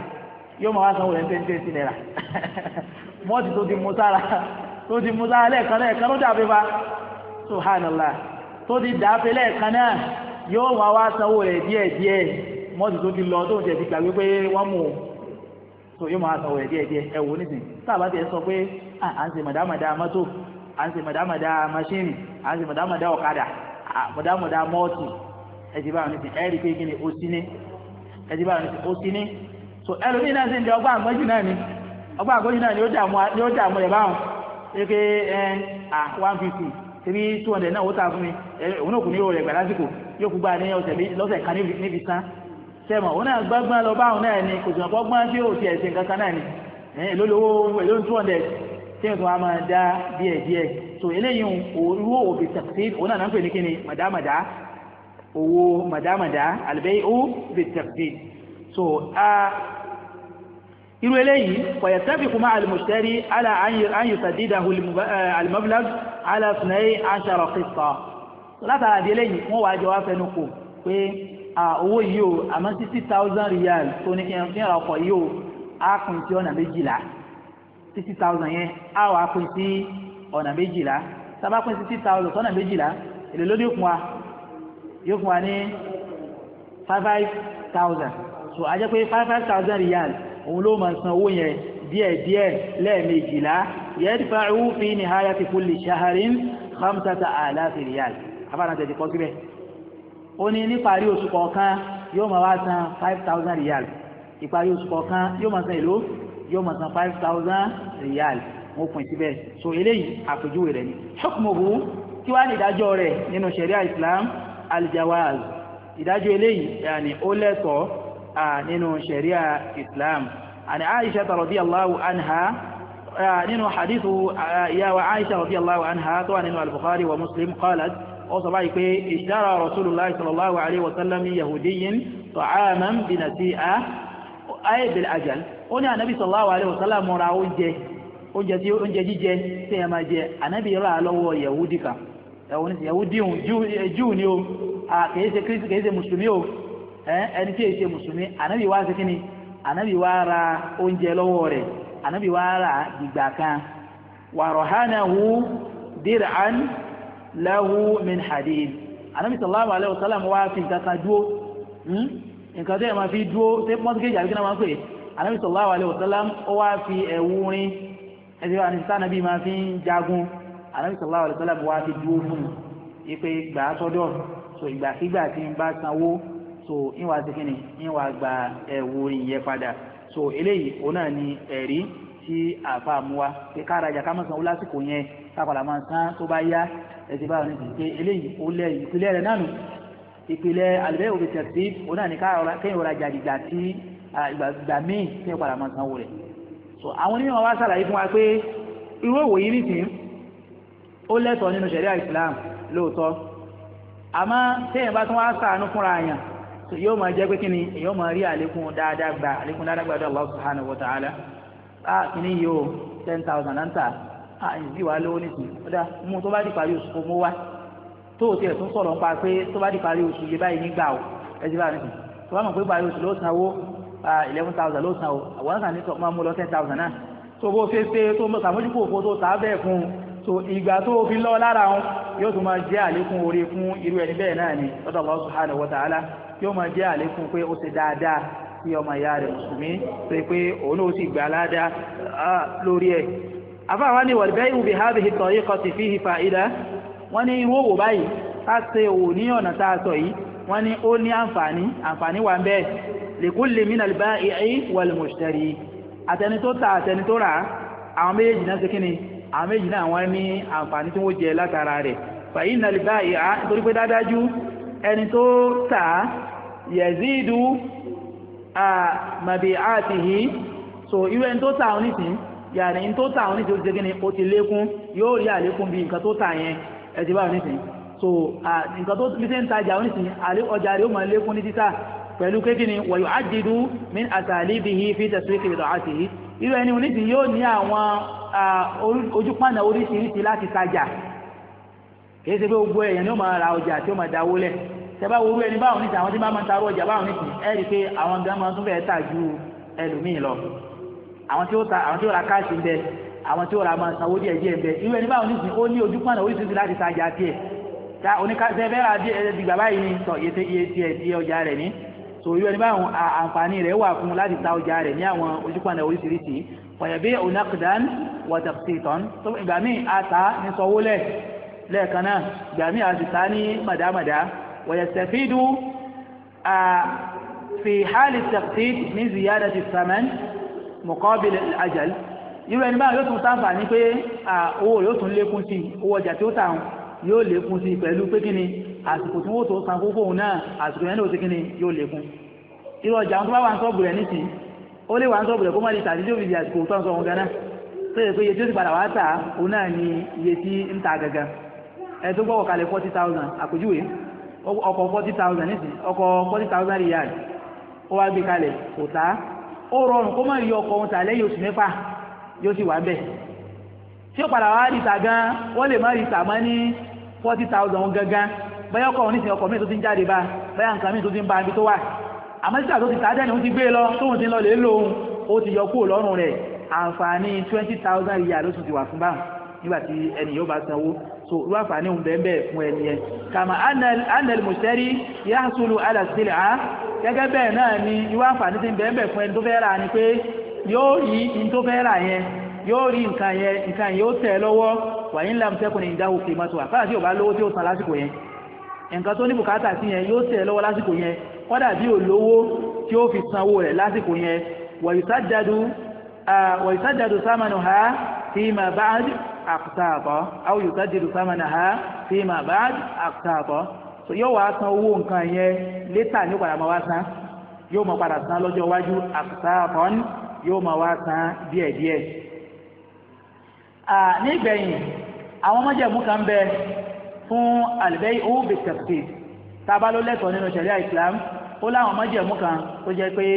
yóò máa wá sanwó rẹ̀ twenty twenty naira (laughs) mọ́ọ̀tì tó ti mú sára tó ti mú sára lẹ́ẹ̀kan lẹ́ẹ̀kan ló dàbí fa subhanallah tó ti dàbí lẹ́ẹ̀kan náà yóò máa wá sanwó rẹ̀ díẹ̀ díẹ̀ mọ́ọ̀tì tó ti lọ tó ń tẹ̀ ti gbàgbé pé wọ́n mú un so yóò máa sanwó rẹ̀ díẹ̀ díẹ̀ ẹ wò nísìnyí tá a bá tiẹ̀ sọ pé à ń ṣe màdàmàdà mọ́tò à ń ṣe màdàmàdà máṣíìnì à ń ṣe màdàmàdà ọ̀kadà màdàmàdà mọ́ọ̀tì ẹ ti bá wọn nísìnyí ẹ rí i pé kí ni ó sí ní ẹ ti bá wọn nísìnyí ó sí ní so ẹlòmíì náà sì ń bẹ ọgbà àgbọ́jù náà ni ọgbà àgbọ́jù náà ni ó dààmú ẹ̀ báwọn ṣe pé ẹ à one fifty three two hundred náà ó ta fún mi òun náà kò ní yóò rẹ̀ gbà lásìkò yóò kú gbà ní ọ̀sẹ̀ méjì lọ́sẹ̀ kan níbi tán sẹ́mọ̀ òun náà gbọ́ngbọ́n lọ báwọn náà ni kò sì mọ̀ gbọ́ngbọ́n tí yóò ti ẹ̀sìn kankan náà ni lólówó èló two hundred tí nǹkan wa máa dá díẹ̀ díẹ̀ so eléyìí owó òbí tẹ̀sí òun náà ń pè ní kíni màdámàdá owó màdámàdá àlùbẹ́yìí ó bì tẹ̀sí so irú eléyìí kọ̀yẹ̀ tẹ́fìkù máa alìmọ̀ṣẹ́rí ala ayùsàdídà alìmọ́blag eh, ala sùnẹ́yì àṣàrọ̀ kìsọ̀ látara di eléyìí wọ́n wàá jọ wá fẹnu kò pé owó yìí o àmọ́ sixty thousand riyal tó ní kí n ra ọkọ̀ yìí o á kùn sí ọ̀nà méjìlá sixty thousand yẹn á wàá kùn sí ọ̀nà méjìlá sábà kùn sixty thousand sọ́nà méjìlá èlò lóde kùn wa yóò kùn wa ní five thousand so a jẹ́ pé five five thousand riyal òun ló máa san owó yẹn díẹ̀díẹ̀ lẹ́ẹ̀mejìlá yadfa'u fi nihayati kulli shahrin khamsata alafi riyal afáàná tẹ̀sí kọ́ síbẹ̀ ó ní níparí oṣù kọ̀ọ̀kan yóò máa wá san five thousand riyal ìparí oṣù kọ̀ọ̀kan yóò máa san èlò yóò máa san five thousand riyal wọn pin síbẹ̀ so eléyìí àpèjúwe rẹ̀ ni hukmuhu kí wàá ní ìdájọ́ rẹ̀ nínú sharia islam aljawaz ìdájọ́ eléyìí yàní ó lẹ́tọ̀ọ́ nínú sharia islam àni aisha radiyallahu anha nínú hadithu ìyá wa aisha radiyallahu anha tó wà nínú al-bukhari wa muslim qalat ó sọ báyìí pé ishtara rasulullah sallallahu alayhi wa sallam yahudiyin ta'aman binasi'a ayé bẹ̀rẹ̀ àjàl ó ní ànábì sallallahu alayhi wa sallam mọ́ra oúnjẹ oúnjẹ tí oúnjẹ jíjẹ tí ẹ máa jẹ ànábì rà yahudi kan yahudi jù ní o kìí ṣe mùsùlùmí o ẹni tí èsì mùsùlùmí ànábì wá sí kínní ànábì wá ra oúnjẹ lọ́wọ́ rẹ̀ ànábì wá ra dìgbà kan wàrọ̀hánahu dir'an lahu min hadid ànábì sallallahu alayhi wa sallam wá fi nǹkan kan dúó hmm? nǹkan tó yẹ máa fi dúó tó mọ́tíkèjì àbíkí náà máa ń pè ànábì sallallahu alayhi wa sallam ó fi ẹ̀wù rin ẹ̀sìn wa ní sànàbí máa fi ń jagun ànábì sallallahu alayhi wa sallam wá fi dúó fún un ipe gbà sọ́dọ̀ ìgbàkigbà tí ń bá sanwó so ìwà sẹ́kìnì ìwà gba ẹ̀wù orin yẹn padà so eléyìí òun náà ni ẹ̀rí tí àfa mú wa pé ká rajà ká má san owó lásìkò yẹn ká padà máa san tó bá yá ẹ̀sìn báwọn ní sèké eléyìí ó lẹ̀ ìpìlẹ̀ rẹ̀ náà nù ìpìlẹ̀ àlùbẹ́ òbí tẹ̀sí òun náà ni kéèyàn rajà dìgbà tí ìgbà míì kéèyàn padà máa san owó rẹ̀ so àwọn onímọ̀ wa ṣàlàyé fún wa pé irú òwò yìí nìsín ó lẹ́tọ̀ọ́ nínú ṣẹ̀ríà Islam lóòótọ́ àmọ́ téèyàn bá tún wá ṣàánú fúnra yàn yóò máa jẹ́ pé kí ni yóò máa rí àlékún dáadáa gba àlékún dáadáa gba Allah subhanahu wa ta'ala a kìíní yìí o ten thousand náà ń tà a ìdí wa lówó nìsín kódà mú tó bá di parí oṣù kó mú wá tó o tiẹ̀ tún sọ̀rọ̀ nípa pé tó bá di parí oṣù yìí báyìí nígbà o ẹ ti bá a nìsín tó bá mọ̀ pé parí oṣù ló san owó eleven thousand ló san o àwọn kan ní sọ máa mú lọ ten thousand náà tó bó ṣe ṣe tó yóò máa jẹ́ àlékún pé ó ṣe dáadáa sí ọmọ ìyá rẹ̀ mùsùlùmí pé pé òun náà sì gbà ládàá lórí ẹ̀. àfàwọn ni wọ̀lbẹ́ ìwùbí hábìhì tọ̀ yìí kọ́ sí fi hìfà ìdá wọ́n ní irú òwò báyìí ká ṣe òwò ní ọ̀nà tá a sọ yìí wọ́n ní ó ní àǹfààní àǹfààní wà ń bẹ́ẹ̀ lèkúlè mí nàlùbá ìyí wọ̀lùmọ̀ṣẹ̀rì àtẹni tó ta àtẹni tó rà àwọn méjèèjì náà ṣe kí ni àwọn méjì náà wọ́n ní àǹfààní tí wọ́n jẹ látara rẹ̀ fàyí nàlùbá ìyá nítorí pé dáadájú ẹni tó tà á yẹ̀zídù màbí àtìhí so irú ẹni tó tà á onísìn yàrá ẹni tó tà á onísìn ó ti segin ni ó ti lékún yóò rí àlékún bí nǹkan tó tà yẹn ẹ ti bá onísìn so nǹkan tó fi ṣe ń tajà onísìn ọjà rẹ̀ ó máa lékún ní títà pẹ̀lú kékeré wọ̀yọ̀ àdìdú min àtàlíbìhí fi tẹ̀síwìkì bìtọ̀ àtìhí irú ẹni onísìn yóò ní àwọn ojúpànà oríṣiríṣi láti tajà kìí ṣe pé gbogbo èèyàn ni ó máa ra ọjà tí ó máa dáwó lẹ̀ tẹ́bá wo orú ẹni báwọn níta àwọn tí bá máa ń tarú ọjà báwọn níta ẹ rí i pé àwọn gan máa tún fẹ́ẹ́ tà ju ẹlòmíì lọ àwọn tí ó ta àwọn tí ó ra káàsì ń bẹ àwọn tí ó ra máa sanwó díẹ̀ díẹ̀ ń bẹ irú ẹni báwọn níta ó ní ojú pọ̀nà oríṣiríṣi láti tajà tiẹ̀ ta oníkàṣẹ fẹ́ ra dìgbà báyìí ni sọ iye tiẹ̀ iye ọjà rẹ̀ ní so irú ẹni báwọn àǹfààní rẹ̀ wà fún láti ta ọjà rẹ̀ ní àwọn ojú pọ̀nà oríṣiríṣi fọyẹ̀bí onakudan wọ̀tẹ̀sítọ́n tó ìgbà ata ní lẹ́ẹ̀kan náà gbàmí àtìta ní màdàmàdà wọ̀yẹ̀sẹ̀fídú fi hali taqsid ní ziyadati saman muqabil al-ajal irú ẹni báyìí yóò tún sáfà ní pé owó yóò tún lékún sí owó ọjà tí ó tà yóò lékún sí pẹ̀lú pé kíni àsìkò tí wọ́n tó san fúnfún òun náà àsìkò yẹn ló ti kíni yóò lékún irú ọjà wọn tó bá wà ń sọ́ọ̀bù rẹ̀ nísìnyí ó lè wà ń sọ́ọ̀bù rẹ̀ kó má di tàbí tí ó fi di àsìkò tó ń sọ òun gan náà tó yẹ pé iye tí ó ti padà wá tà òun náà ni iye tí ń ta gangan ẹni tó gbọ́wọ̀ kalẹ̀ forty thousand àpèjúwe ọkọ̀ forty thousand nísìnyí ọkọ̀ forty thousand riyal ó wá gbé kalẹ̀ kò tá ó rọrùn kó má rí ọkọ̀ ohun tà lẹ́yìn oṣù mẹ́fà yóò sì wá bẹ́ẹ̀ tí ó padà wá rí ta gan wọ́n lè má rí ta mọ́ ní forty thousand gangan báyọ̀ ọkọ̀ òun nísìnyí ọkọ̀ míì tó ti ń jáde bá báyà nǹkan míì tó ti ń ba ibi tó wà àmọ́ títà tó ti tà á dẹ́ni òun ti gbé e lọ tóun ti lọ lè lóun ó ti yọ kúrò lọ́rùn rẹ̀ àǹfààní twenty thousand riyal lóṣù ti wà fún báwọn nígbà tí ẹnì yóò bá sanwó so irú àǹfààní ń bẹ́ẹ̀ bẹ́ẹ̀ fún ẹni yẹn kàmá anel mùsẹ́rì yahsulu ala sil'a gẹ́gẹ́ bẹ́ẹ̀ náà ni irú àǹfààní ti ń bẹ́ẹ̀ bẹ́ẹ̀ fún ẹni tó fẹ́ rà ni pé yóò rí in tó fẹ́ rà yẹn yóò rí nǹkan yẹn nǹkan yẹn yóò tẹ̀ lọ́wọ́ wàyí ńlá mùsẹ́kùn ní ìdáhùn fi mọ́tò wà fáwọn tí yóò bá lówó tí yóò san lásìkò yẹn nǹkan tó ní bùkátà sí yẹn yóò tẹ̀ lọ́wọ́ lásìkò yẹn kọ́dà bí ò lówó tí ó fi sanwó rẹ̀ lásìkò yẹn wàyí sájàdù sámanu ha fi mà bá àkútààtọ̀ àwọn yòókà jìrù sámánà ha fi mà bá so yóò wá san owó nǹkan yẹn létà ní padà máa wá san yóò máa padà san lọ́jọ́ iwájú àkútààtọ̀ yóò máa wá san díẹ̀díẹ̀. nígbẹ̀yìn àwọn májẹ̀mú kan bẹ fún àlùbẹ́yì owó bìtẹ̀kì tábà ló lẹ́tọ̀ọ́ nínú ṣẹ̀ríà Islam ó láwọn májẹ̀mú kan tó jẹ́ pé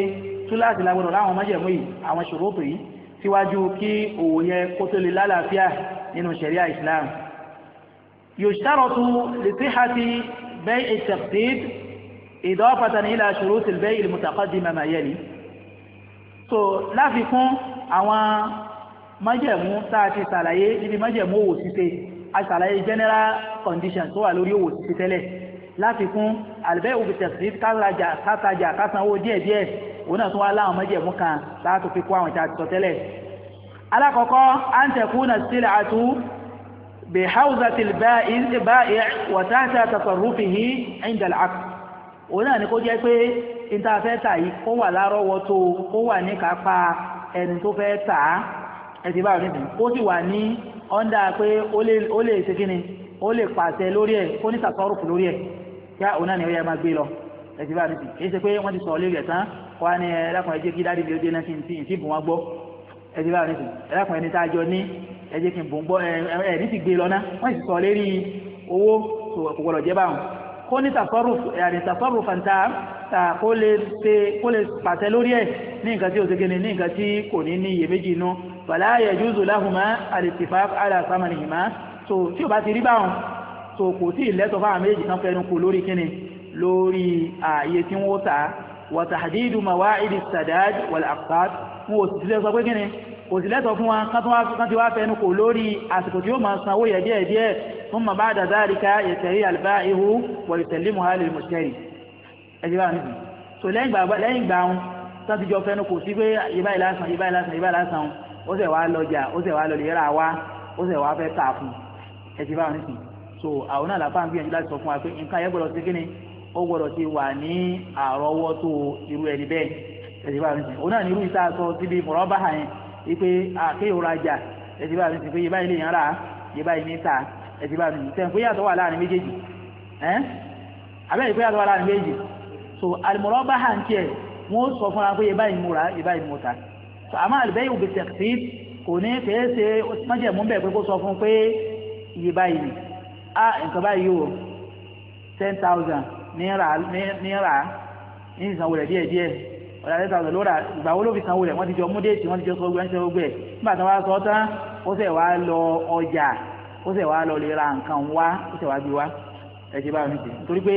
túláàsì lágbọ́dọ̀ láwọn májẹ̀mú yìí àwọn ṣòro tó yìí síwájú kí òwò yẹn kó tó lálàáfíà nínú ṣẹ̀ríà islam yushtaratu li sihhati bay' at-taqdid idafatan ila shurut al-bay' al-mutaqaddima ma yali so láfikún àwọn májẹ̀mú tá a níbi májẹ̀mú òwò ṣíṣe a general conditions tó wà lórí òwò ṣíṣe tẹ́lẹ̀ láfikún al-bay'u bit-taqdid kátàjà kátàjà kátàwó díẹ̀díẹ̀ alákọ̀ọ́kọ́ an takuna as-sil'atu bi hawzati al-ba'i' wa tahta tasarrufihi 'inda al-'aqd òun náà ni kó jẹ́ pé níta fẹ́ tà yìí kó wà lárọ́wọ́tó kó wà ní kápá ẹni tó fẹ́ tà á ẹtì báyìí níbi kó sì wà ní ọ́ndà pé ó lè ṣe kí ó lè pàṣẹ lórí ẹ̀ kó ní tasarrufu lórí ẹ̀ yá òun náà ni ó yẹ máa gbé lọ ẹtì báyìí níbi kì í ṣe pé wọ́n ti sọ̀rọ̀ lórí ẹ̀ tán wọ́n á ní ẹ jẹ́ kí dáadé ẹdí bá rẹ sí ẹlẹ́kùn ẹni tá a jọ ní ẹdí kì í bò ń gbọ́ ẹ ní ti gbé lọ́nà wọ́n sì sọ lérí owó kò gbọ́dọ̀ jẹ́ báwọn kó ní tasarruf yàrá tasarruf fanta ta kó lè ṣe kó lè pàṣẹ lórí ẹ̀ ní nǹkan tí o ṣe kéde ní nǹkan tí kò ní ní iyèméjì inú fala yajuzu lahuma al-ittifaq ala tó tí o bá ti rí báwọn tó kò tí ì lẹ́tọ̀ fáwọn méjì kan fẹnu kò lórí kíni lórí ààyè tí wọ́n ta wa tahdidu mawa'idi sadad wọn ò sì sọ pé kí ni kò sì lẹ́tọ̀ọ́ fún wa kán ti wá fẹnu kò lórí àsìkò tí ó máa san owó yẹ díẹ̀ fún mọ̀ bá àríkà ìtẹ̀rí àlùbá ihu wọ̀lùtẹ̀lé muhammed mùsùlùmí ẹ̀jẹ̀ bá mi bì so lẹ́yìn ìgbà wọn tán ti jọ fẹnu kò sí pé ìbá ìlàsàn ìbá ìlàsàn ìbá ìlàsàn ó sì wá lọjà ó sì lọ so àwọn náà làpá ń gbìyànjú láti sọ fún wa pé nǹkan ayẹ́gbọ́dọ̀ sí kíni ó ẹ̀sìn bá mi sìn òun náà ní irú ìta sọ síbi mọ̀rọ́bà yẹn wípé àkéyò rajà ẹ̀sìn bá mi sìn pé yé báyìí lè yàn rà yé báyìí ní ta bá mi sìn tẹ̀ ń pé yàtọ̀ wà láàrin méjèèjì ẹ̀ abẹ́ ìpé yàtọ̀ wà láàrin méjèèjì so àlùmọ̀rọ́bà hàn tiẹ̀ wọ́n sọ fúnra pé yé báyìí mú ra báyìí mú so àmọ́ àlùbẹ́yì ní ten thousand ní ra ní ra ní ìsanwó rẹ̀ díẹ̀díẹ̀ ọ̀dà tẹ́tà ọ̀dọ̀ lóra ìgbà wo ló fi sanwó rẹ̀ wọ́n ti jọ mú déètì wọ́n ti jọ sọ gbẹ́ ṣe gbẹ́ nígbà tí wọ́n sọ tán ó sẹ̀ wá lọ ọjà ó sẹ̀ wá lọ lè ra nǹkan wá ó sẹ̀ wá gbé wá ẹ ti bá mi tì nítorí pé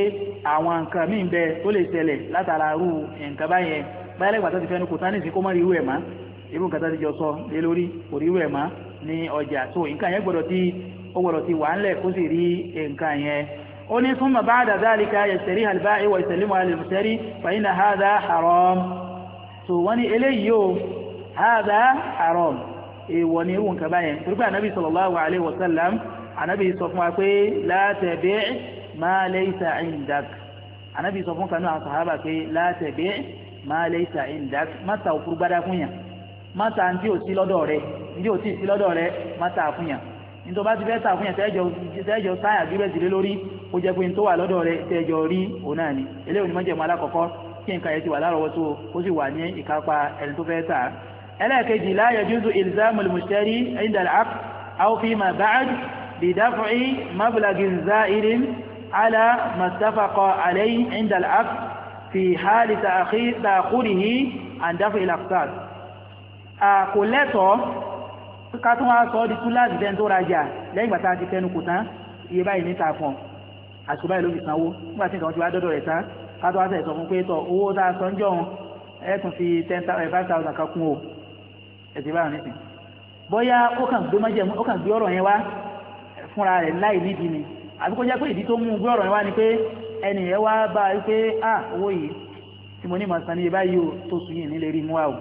àwọn nǹkan míì bẹ tó lè ṣẹlẹ̀ látara irú nǹkan báyẹn báyẹn lẹ́gbàá tó ti fẹ́nu kò tán ní ìsìn kó irú ẹ̀ mọ́ irú nǹkan tó ti jọ sọ lé lórí kò rí irú ẹ̀ mọ́ ní ọjà so nǹkan yẹn gbọ́dọ̀ ti ó gbọ́dọ̀ ti wà ńlẹ̀ kó sì rí nǹkan yẹn قولي ثم بعد ذلك يشتريها البائع ويسلمها للمشتري فإن هذا حرام سواني إليه هذا حرام ìwọ̀ni irú nǹkan báyẹn torí pé ànábì sallallahu alaihi wa sallam ànábì sọ fún wa pé la tabi' ma laysa indak ànábì sọ fún kanú àwọn sàhábà pé la tabi' ma laysa indak má ta òkúrú gbádá fún yàn má ta ní tí ò sí lọ́dọ̀ rẹ ní tí ò sí nítorí bá ti fẹ́ tà fún yẹn tẹ́jọ sáyà gírẹ́sì lé lórí ó jẹ́ pé n tó wà lọ́dọ̀ rẹ tẹ́jọ rí òun náà ni eléyìí ni mo jẹ́ mọ́ alákọ̀ọ́kọ́ kí nǹkan yẹn ti wà lárọ̀ọ́wọ́tó ó sì wà ní ìkápá ẹni tó fẹ́ tà. ẹlẹ́ẹ̀kejì la yajuzu ilzamu al-mushtari inda al-aqd aw fima ba'd ká tún wá sọ ọ́ di túláàsì bẹ́ẹ̀ tó rajà lẹ́yìn gbàtà ti fẹnu kò tán iye báyìí níta fún ọ àsùbá yìí ló fi sanwó nígbà tí nǹkan ti wá dọ́dọ̀ rẹ̀ tán ká tó wá sẹ̀ sọ fún pé tọ owó tá a sọ ń jọ òun ẹ tún fi ten thousand eh, five thousand kan kún o ẹ ti báyọ̀ nísìn bóyá ó kàn gbé májẹ̀mú ó kàn gbé ọ̀rọ̀ yẹn wá fúnra rẹ̀ láì nídìí ni àbí kó jẹ́ pé ìdí tó mú gbé ọ̀rọ̀ yẹn wá ni pé ẹnì yẹn wá bá a pé ah owó yìí tí mo ní màá san ní iye báyìí o tó sùn yìí nílé rí mú wa o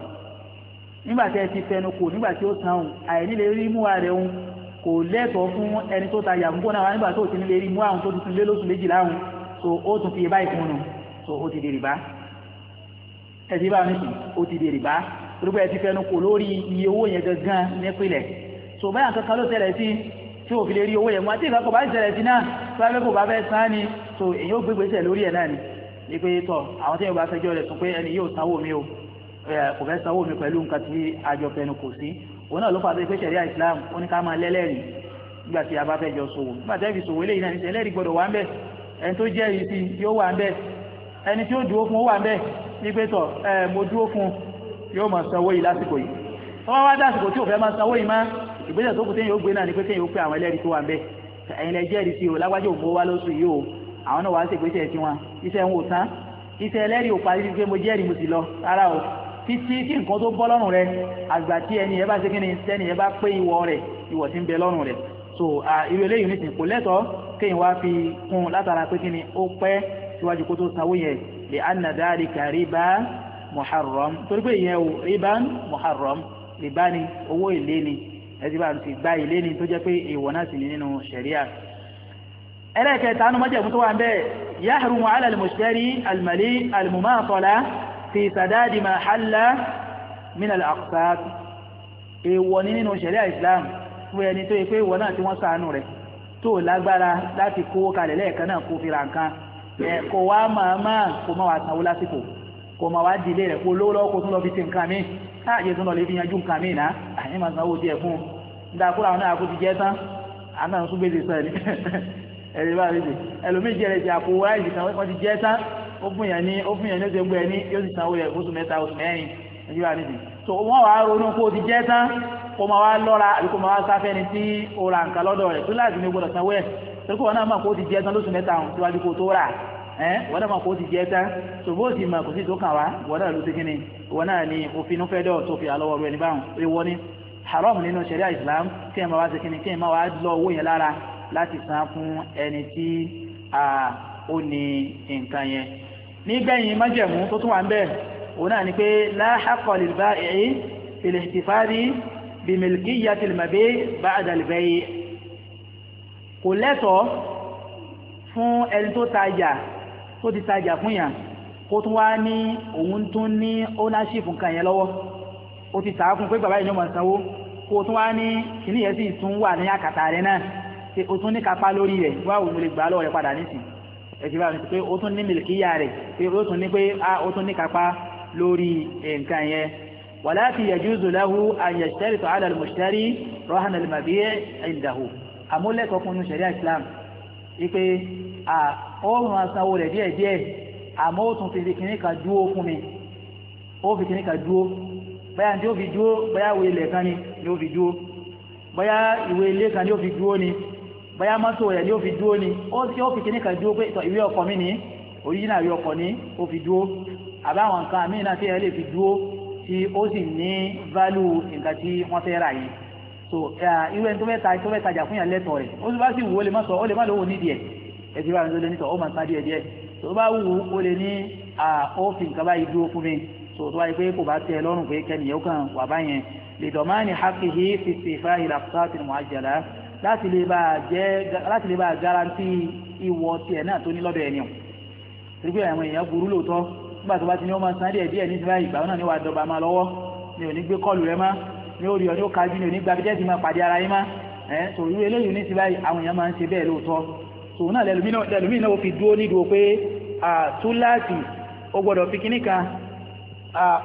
nígbà tí ẹ ti fẹnu kò nígbà tí ó san òun àìní lè rí mú ààrẹ òun kò lẹ́tọ̀ọ́ fún ẹni tó ta yàgùnkó náà nígbà tó ti ní lè rí mú àwọn tó ti tún lé lóṣù méjìlá òun so ó tún fi ìbá ìfún un so ó ti di rìbá ẹ ti bá wọn nísìn ó ti di rìbá torípé ẹ ti fẹnu kò lórí iye owó yẹn gangan nípìnlẹ̀ so báyà kankan ló ṣẹlẹ̀ sí tí ò fi lè rí owó yẹn mú àti ìkankan bá ṣẹlẹ̀ sí náà tó bá fẹ́ kó bá fẹ́ san ni so èyí kò fẹ́ sanwó mi pẹ̀lú nǹkan tí àjọ fẹnu kò sí òun náà ló fà bẹ́ẹ̀ pé sẹ̀ríà islam ó ní ká máa lẹ́lẹ́rìí nígbà tí a bá fẹ́ jọ ṣòwò nígbà tí a fi ṣòwò eléyìí náà ní sẹ́ ẹlẹ́rìí gbọ́dọ̀ wà ń bẹ̀ ẹni tó jẹ́ èyí sí yóò wà ń bẹ̀ ẹni tí ó dúró fún ó wà ń bẹ̀ ní pé tọ̀ ẹ mo dúró fún yóò máa sanwó yìí lásìkò yìí tọ́wọ́ wá dásìkò tí ò fẹ́ máa sanwó yìí má ìgbésẹ̀ tó ni pé téèyàn ó títí kí nǹkan tó bọ́ lọ́rùn rẹ àgbà tí ẹni yẹn bá ṣe kíni tẹ́ni yẹn bá pé ìwọ rẹ ìwọ tí ń bẹ lọ́rùn rẹ so irú eléyìí nìsín kò lẹ́tọ̀ọ́ kéèyàn wá fi kún látara pé kíni ó pẹ́ síwájú kó tó sanwó yẹn lè anna dhalika riba muharram torí pé ìyẹn o riba muharram riba ni owó èlé ni ẹtì bá ti gba èlé ni tó jẹ́ pé èèwọ̀ náà sì ní nínú ṣẹ̀ríà ẹlẹ́kẹ̀ẹ́ta anumọ́jẹ̀mú tó wà ń bẹ́ẹ̀ yahrumu ala al-mushtari fi sadadi ma halla min al-aqsat èèwọ̀ ní nínú ṣẹ̀ríà islam fún ẹni tó yẹ pé ìwọ náà tí wọ́n sànù rẹ̀ tó lágbára láti kówó kalẹ̀ lẹ́ẹ̀kan náà kó fi ra nǹkan ẹ̀ kò wá màmá kò má wàá sanwó lásìkò kò má wàá dìlé rẹ̀ kó lówó lọ́wọ́ kó tún lọ fi ti nǹkan mi káàyè tún lọ lè fi yanjú nǹkan mi náà àyè máa sanwó díẹ̀ fún un nígbà kúrò àwọn náà kó ti jẹ́ tán àwọn náà tún gbèsè sàn ni (laughs) ẹ̀rẹ̀ bá rí ó fún yàn ní ó fún yàn ní ó ti gbé ẹ ní yóò sì sanwó rẹ̀ oṣù mẹ́ta oṣù mẹ́rin ẹjú bá níbi tó wọ́n wàá ronú kó o ti jẹ́ tán kó o máa wá lọ́ra àbí kó o máa wá sáfẹ́ ni tí o ra nǹkan lọ́dọ̀ rẹ̀ tó láti ní gbọdọ̀ sanwó ẹ̀ torí kó wọn náà mọ̀ kó o ti jẹ́ tán lóṣù mẹ́ta ọ̀hún síwájú kó o tó rà ẹ́ wọn náà mọ̀ kó o ti jẹ́ tán ṣùgbọ́n òsì mọ̀ kò sí tó kàn wá wọn náà ló ti kíni wọn náà ni òfin fẹ́ dọ̀ tó fi àlọ́wọ́ rẹ̀ níbàrún ewọ́ ni haram nínú ṣẹ̀ríà Islam kí ẹ máa wá ṣe kíni kí ẹ máa wá lọ owó yẹn lára láti san fún ẹni tí ó ní nǹkan yẹn nígbẹ̀yìn májẹ̀mú tó tún wà ń bẹ̀ òun náà ni pé la haqqa lil ba'i fil ihtifadi bi milkiyyati al mabi' ba'da al bay' kò lẹ́tọ̀ọ́ fún ẹni tó tajà tó ti tajà fún yàn kó tún wá ní òun tún ní ownership nǹkan yẹn lọ́wọ́ ó ti tàá pé bàbá yìí ni ó sanwó kó tún wá ní kìnìyẹn sì tún wà ní àkàtà rẹ náà ó tún ní kápá lórí rẹ̀ wá òun lè gbà á lọ́wọ́ rẹ̀ padà nísìnyí ẹtì bá mi pé ó tún ní mìlìkíyà rẹ̀ pé ó tún ní pé ó tún ní kápá lórí eh, nǹkan yẹn walakin yajuzu lahu an yashtarita ala al-mushtari rahna al-mabi' indahu àmúlẹ̀kọ́ kunu sharia islam ipe ó máa sanwó rẹ̀ díẹ̀díẹ̀ àmọ́ ó tún fi kìnnì kan dúó fún mi ó fi kìnnì kan dúó bóyá ní ó fi dúó bóyá ìwé ilẹ̀ kan ni ó fi dúó bóyá ìwé ilé kan ni ó fi dúó ni bóyá mọ́tò rẹ̀ ni ó fi dúró ni ó sì ó fi kíní kan dúró pé ìtọ̀ ìwé ọkọ̀ mi ni original ìwé ọkọ̀ ni ó fi dúró àbáwọn nǹkan míì náà tí ẹ lè fi dúró tí ó sì ní value nǹkan tí wọ́n fẹ́ rà yìí so irú ẹni tó fẹ́ ta tó fẹ́ tajà fún yàn lẹ́tọ̀ọ́ rẹ̀ ó sì bá sì wù ó lè má sọ ó lè má lówó nídìí ẹ̀ ẹ ti bá mi tó nítọ̀ ó máa ta díẹ̀ díẹ̀ tó bá wù ó lè ní ó fi nǹkan báyìí dúró fún mi so tó báyìí pé kò bá tẹ lọ́rùn pé kẹ́niyàn ó kàn wà báyẹn lè dọ̀mánì hákìhí fi ṣèfà ìlàkùsà tìǹwà jàdá láti lè bá jẹ́ láti lè bá garanti ìwọ tiẹ̀ náà tó ní lọ́dọ̀ ẹni o torí pé àwọn èèyàn burú lóòótọ́ nígbà tó bá ti ní wọ́n máa san díẹ̀ díẹ̀ ní ti báyìí ìgbà náà ni wàá dọ̀bà máa lọ́wọ́ ni ò ní gbé kọ́ọ̀lù rẹ má ni ó rí ọ ní ó kájú ni ò ní gbàbí jẹ́sì máa pàdé ara yín má ẹ̀ sòrí eléyìí ní ti báyìí àwọn èèyàn máa ń ṣe bẹ́ẹ̀ lóòótọ́ sòun náà lẹ́lùmí náà fi dúró nídùú pé túláàsì ó gbọ́dọ̀ fi kíní kan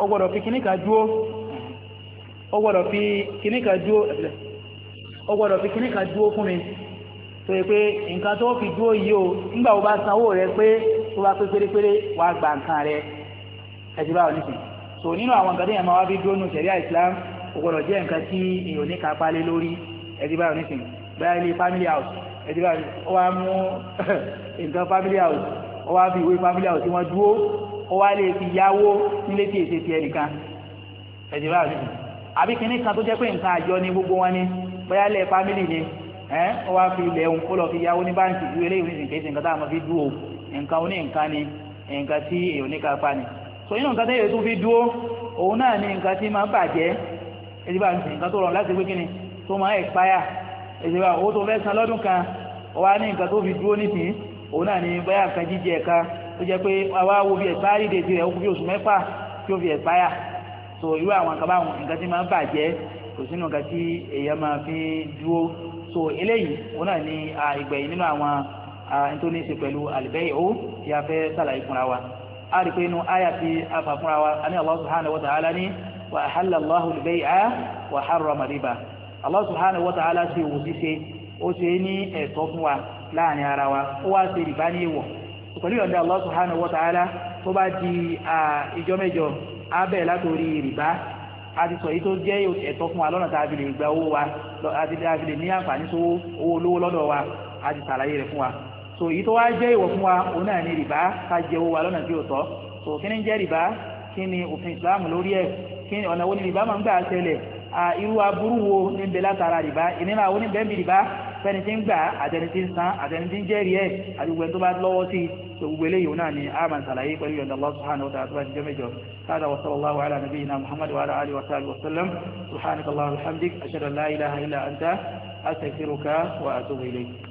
ó gbọ́dọ̀ fi kíní kan dúró ó gbọ́dọ̀ fi kíní dúró ó gbọ́dọ̀ fi kíní kan dúró fún mi tó yẹ pé nǹkan tó fi dúró yìí o nígbà wo bá sanwó rẹ pé tó bá pé pérépéré wà á gba nǹkan rẹ ẹtì báwọn nìsín so nínú àwọn nǹkan tó yẹn máa wá fi dúró nù sẹ̀ríà Islam ó gbọ́dọ̀ jẹ́ nǹkan tí èèyàn ní kápá lé lórí ẹtì báwọn nìsín bẹ́ẹ̀ ilé family house ẹtì báwọn ó wá mú (laughs) nǹkan family house ó wá fi ìwé family house tí wọ́n dúró ó wá lè fi yáwó nílé tí èsì tiẹ̀ nìkan ẹtì báwọn nìsín àbí kíní kan tó jẹ́ pé nǹkan àjọ ni gbogbo wọn ni bóyá lẹ fámìlì ni ẹ ó wá fi ilẹ̀ òun kó lọ fi yáwó ní báǹkì ju eléyìí ní ìsìnkèsì nǹkan tá a máa fi dúró nǹkan oní nǹkan ni nǹkan tí èèyàn ní kápá ni so inú nǹkan tẹ́yẹ̀ tún fi dúró òun náà ni nǹkan tí máa bàjẹ́ èyí bá nǹkan tó rọrùn láti pé tó máa expire èyí bá owó tó fẹ́ san lọ́dún kan wá ní nǹkan tó fi dúró nìsín òun náà ni bóyá nǹkan jíjẹ ẹ̀ka tó jẹ́ pé àwa wo bí expire date rẹ̀ ó kú oṣù mẹ́fà tí ó fi expire so irú àwọn nǹkan báwọn nǹkan tí máa bàjẹ́ kò sínú nǹkan tí èèyàn máa fi dúró so eléyìí wọn náà ní ìgbẹ̀yìn nínú àwọn nítorí ṣe pẹ̀lú àlùbẹ́yì ó tí a fẹ́ sàlàyé fúnra wa a rí pé inú àyà tí a fà fúnra wa a ní Allah subhanahu wa ta'ala ní wa ahalla Allahu al-bay'a wa harrama riba Allah subhanahu wa ta'ala ṣe òwò ṣíṣe ó ṣe ní ẹ̀tọ́ fún wa láàrin ara wa ó wá ṣe rìbá ní ìwọ̀ pẹ̀lú Allah subhanahu wa ta'ala tó bá di ìjọ mẹ́jọ abẹ́ látòrí rìbá a ti sọ èyí tó jẹ́ ẹ̀tọ́ fún wa lọ́nà tá a fi lè gba owó wa a ti a fi lè ní àǹfààní tó owó olówó lọ́dọ̀ wa a sàlàyé rẹ̀ fún wa so èyí tó wá jẹ́ ìwọ̀ fún wa òun náà ni rìbá ká jẹ owó wa lọ́nà tí ò tọ́ so kí ni jẹ́ rìbá kí ni òfin ìsìláàmù lórí ẹ̀ kí ni ọ̀nà wo ni rìbá máa ń gbà ṣẹlẹ̀ irú aburú wo ní bẹ látara rìbá ìnira wo ní bẹ́ẹ̀ bí rìbá fẹ́ni tí ń gbà àtẹni tí ń san àtẹni tí ń jẹ́rìí ẹ̀ àti gbogbo ẹni tó bá lọ́wọ́ sí tó gbogbo eléyìí òun náà ni a máa ṣàlàyé pẹ̀lú yọ̀ǹda Allah subhanahu wa ta'ala tó bá ti jẹ́ mẹ́jọ sáadà wa sallallahu ala nabiyyina muhammad wa ala alihi wa sahbihi wa sallam subhanaka allahumma wa bihamdik ashhadu an la ilaha illa anta astaghfiruka wa atubu ilayk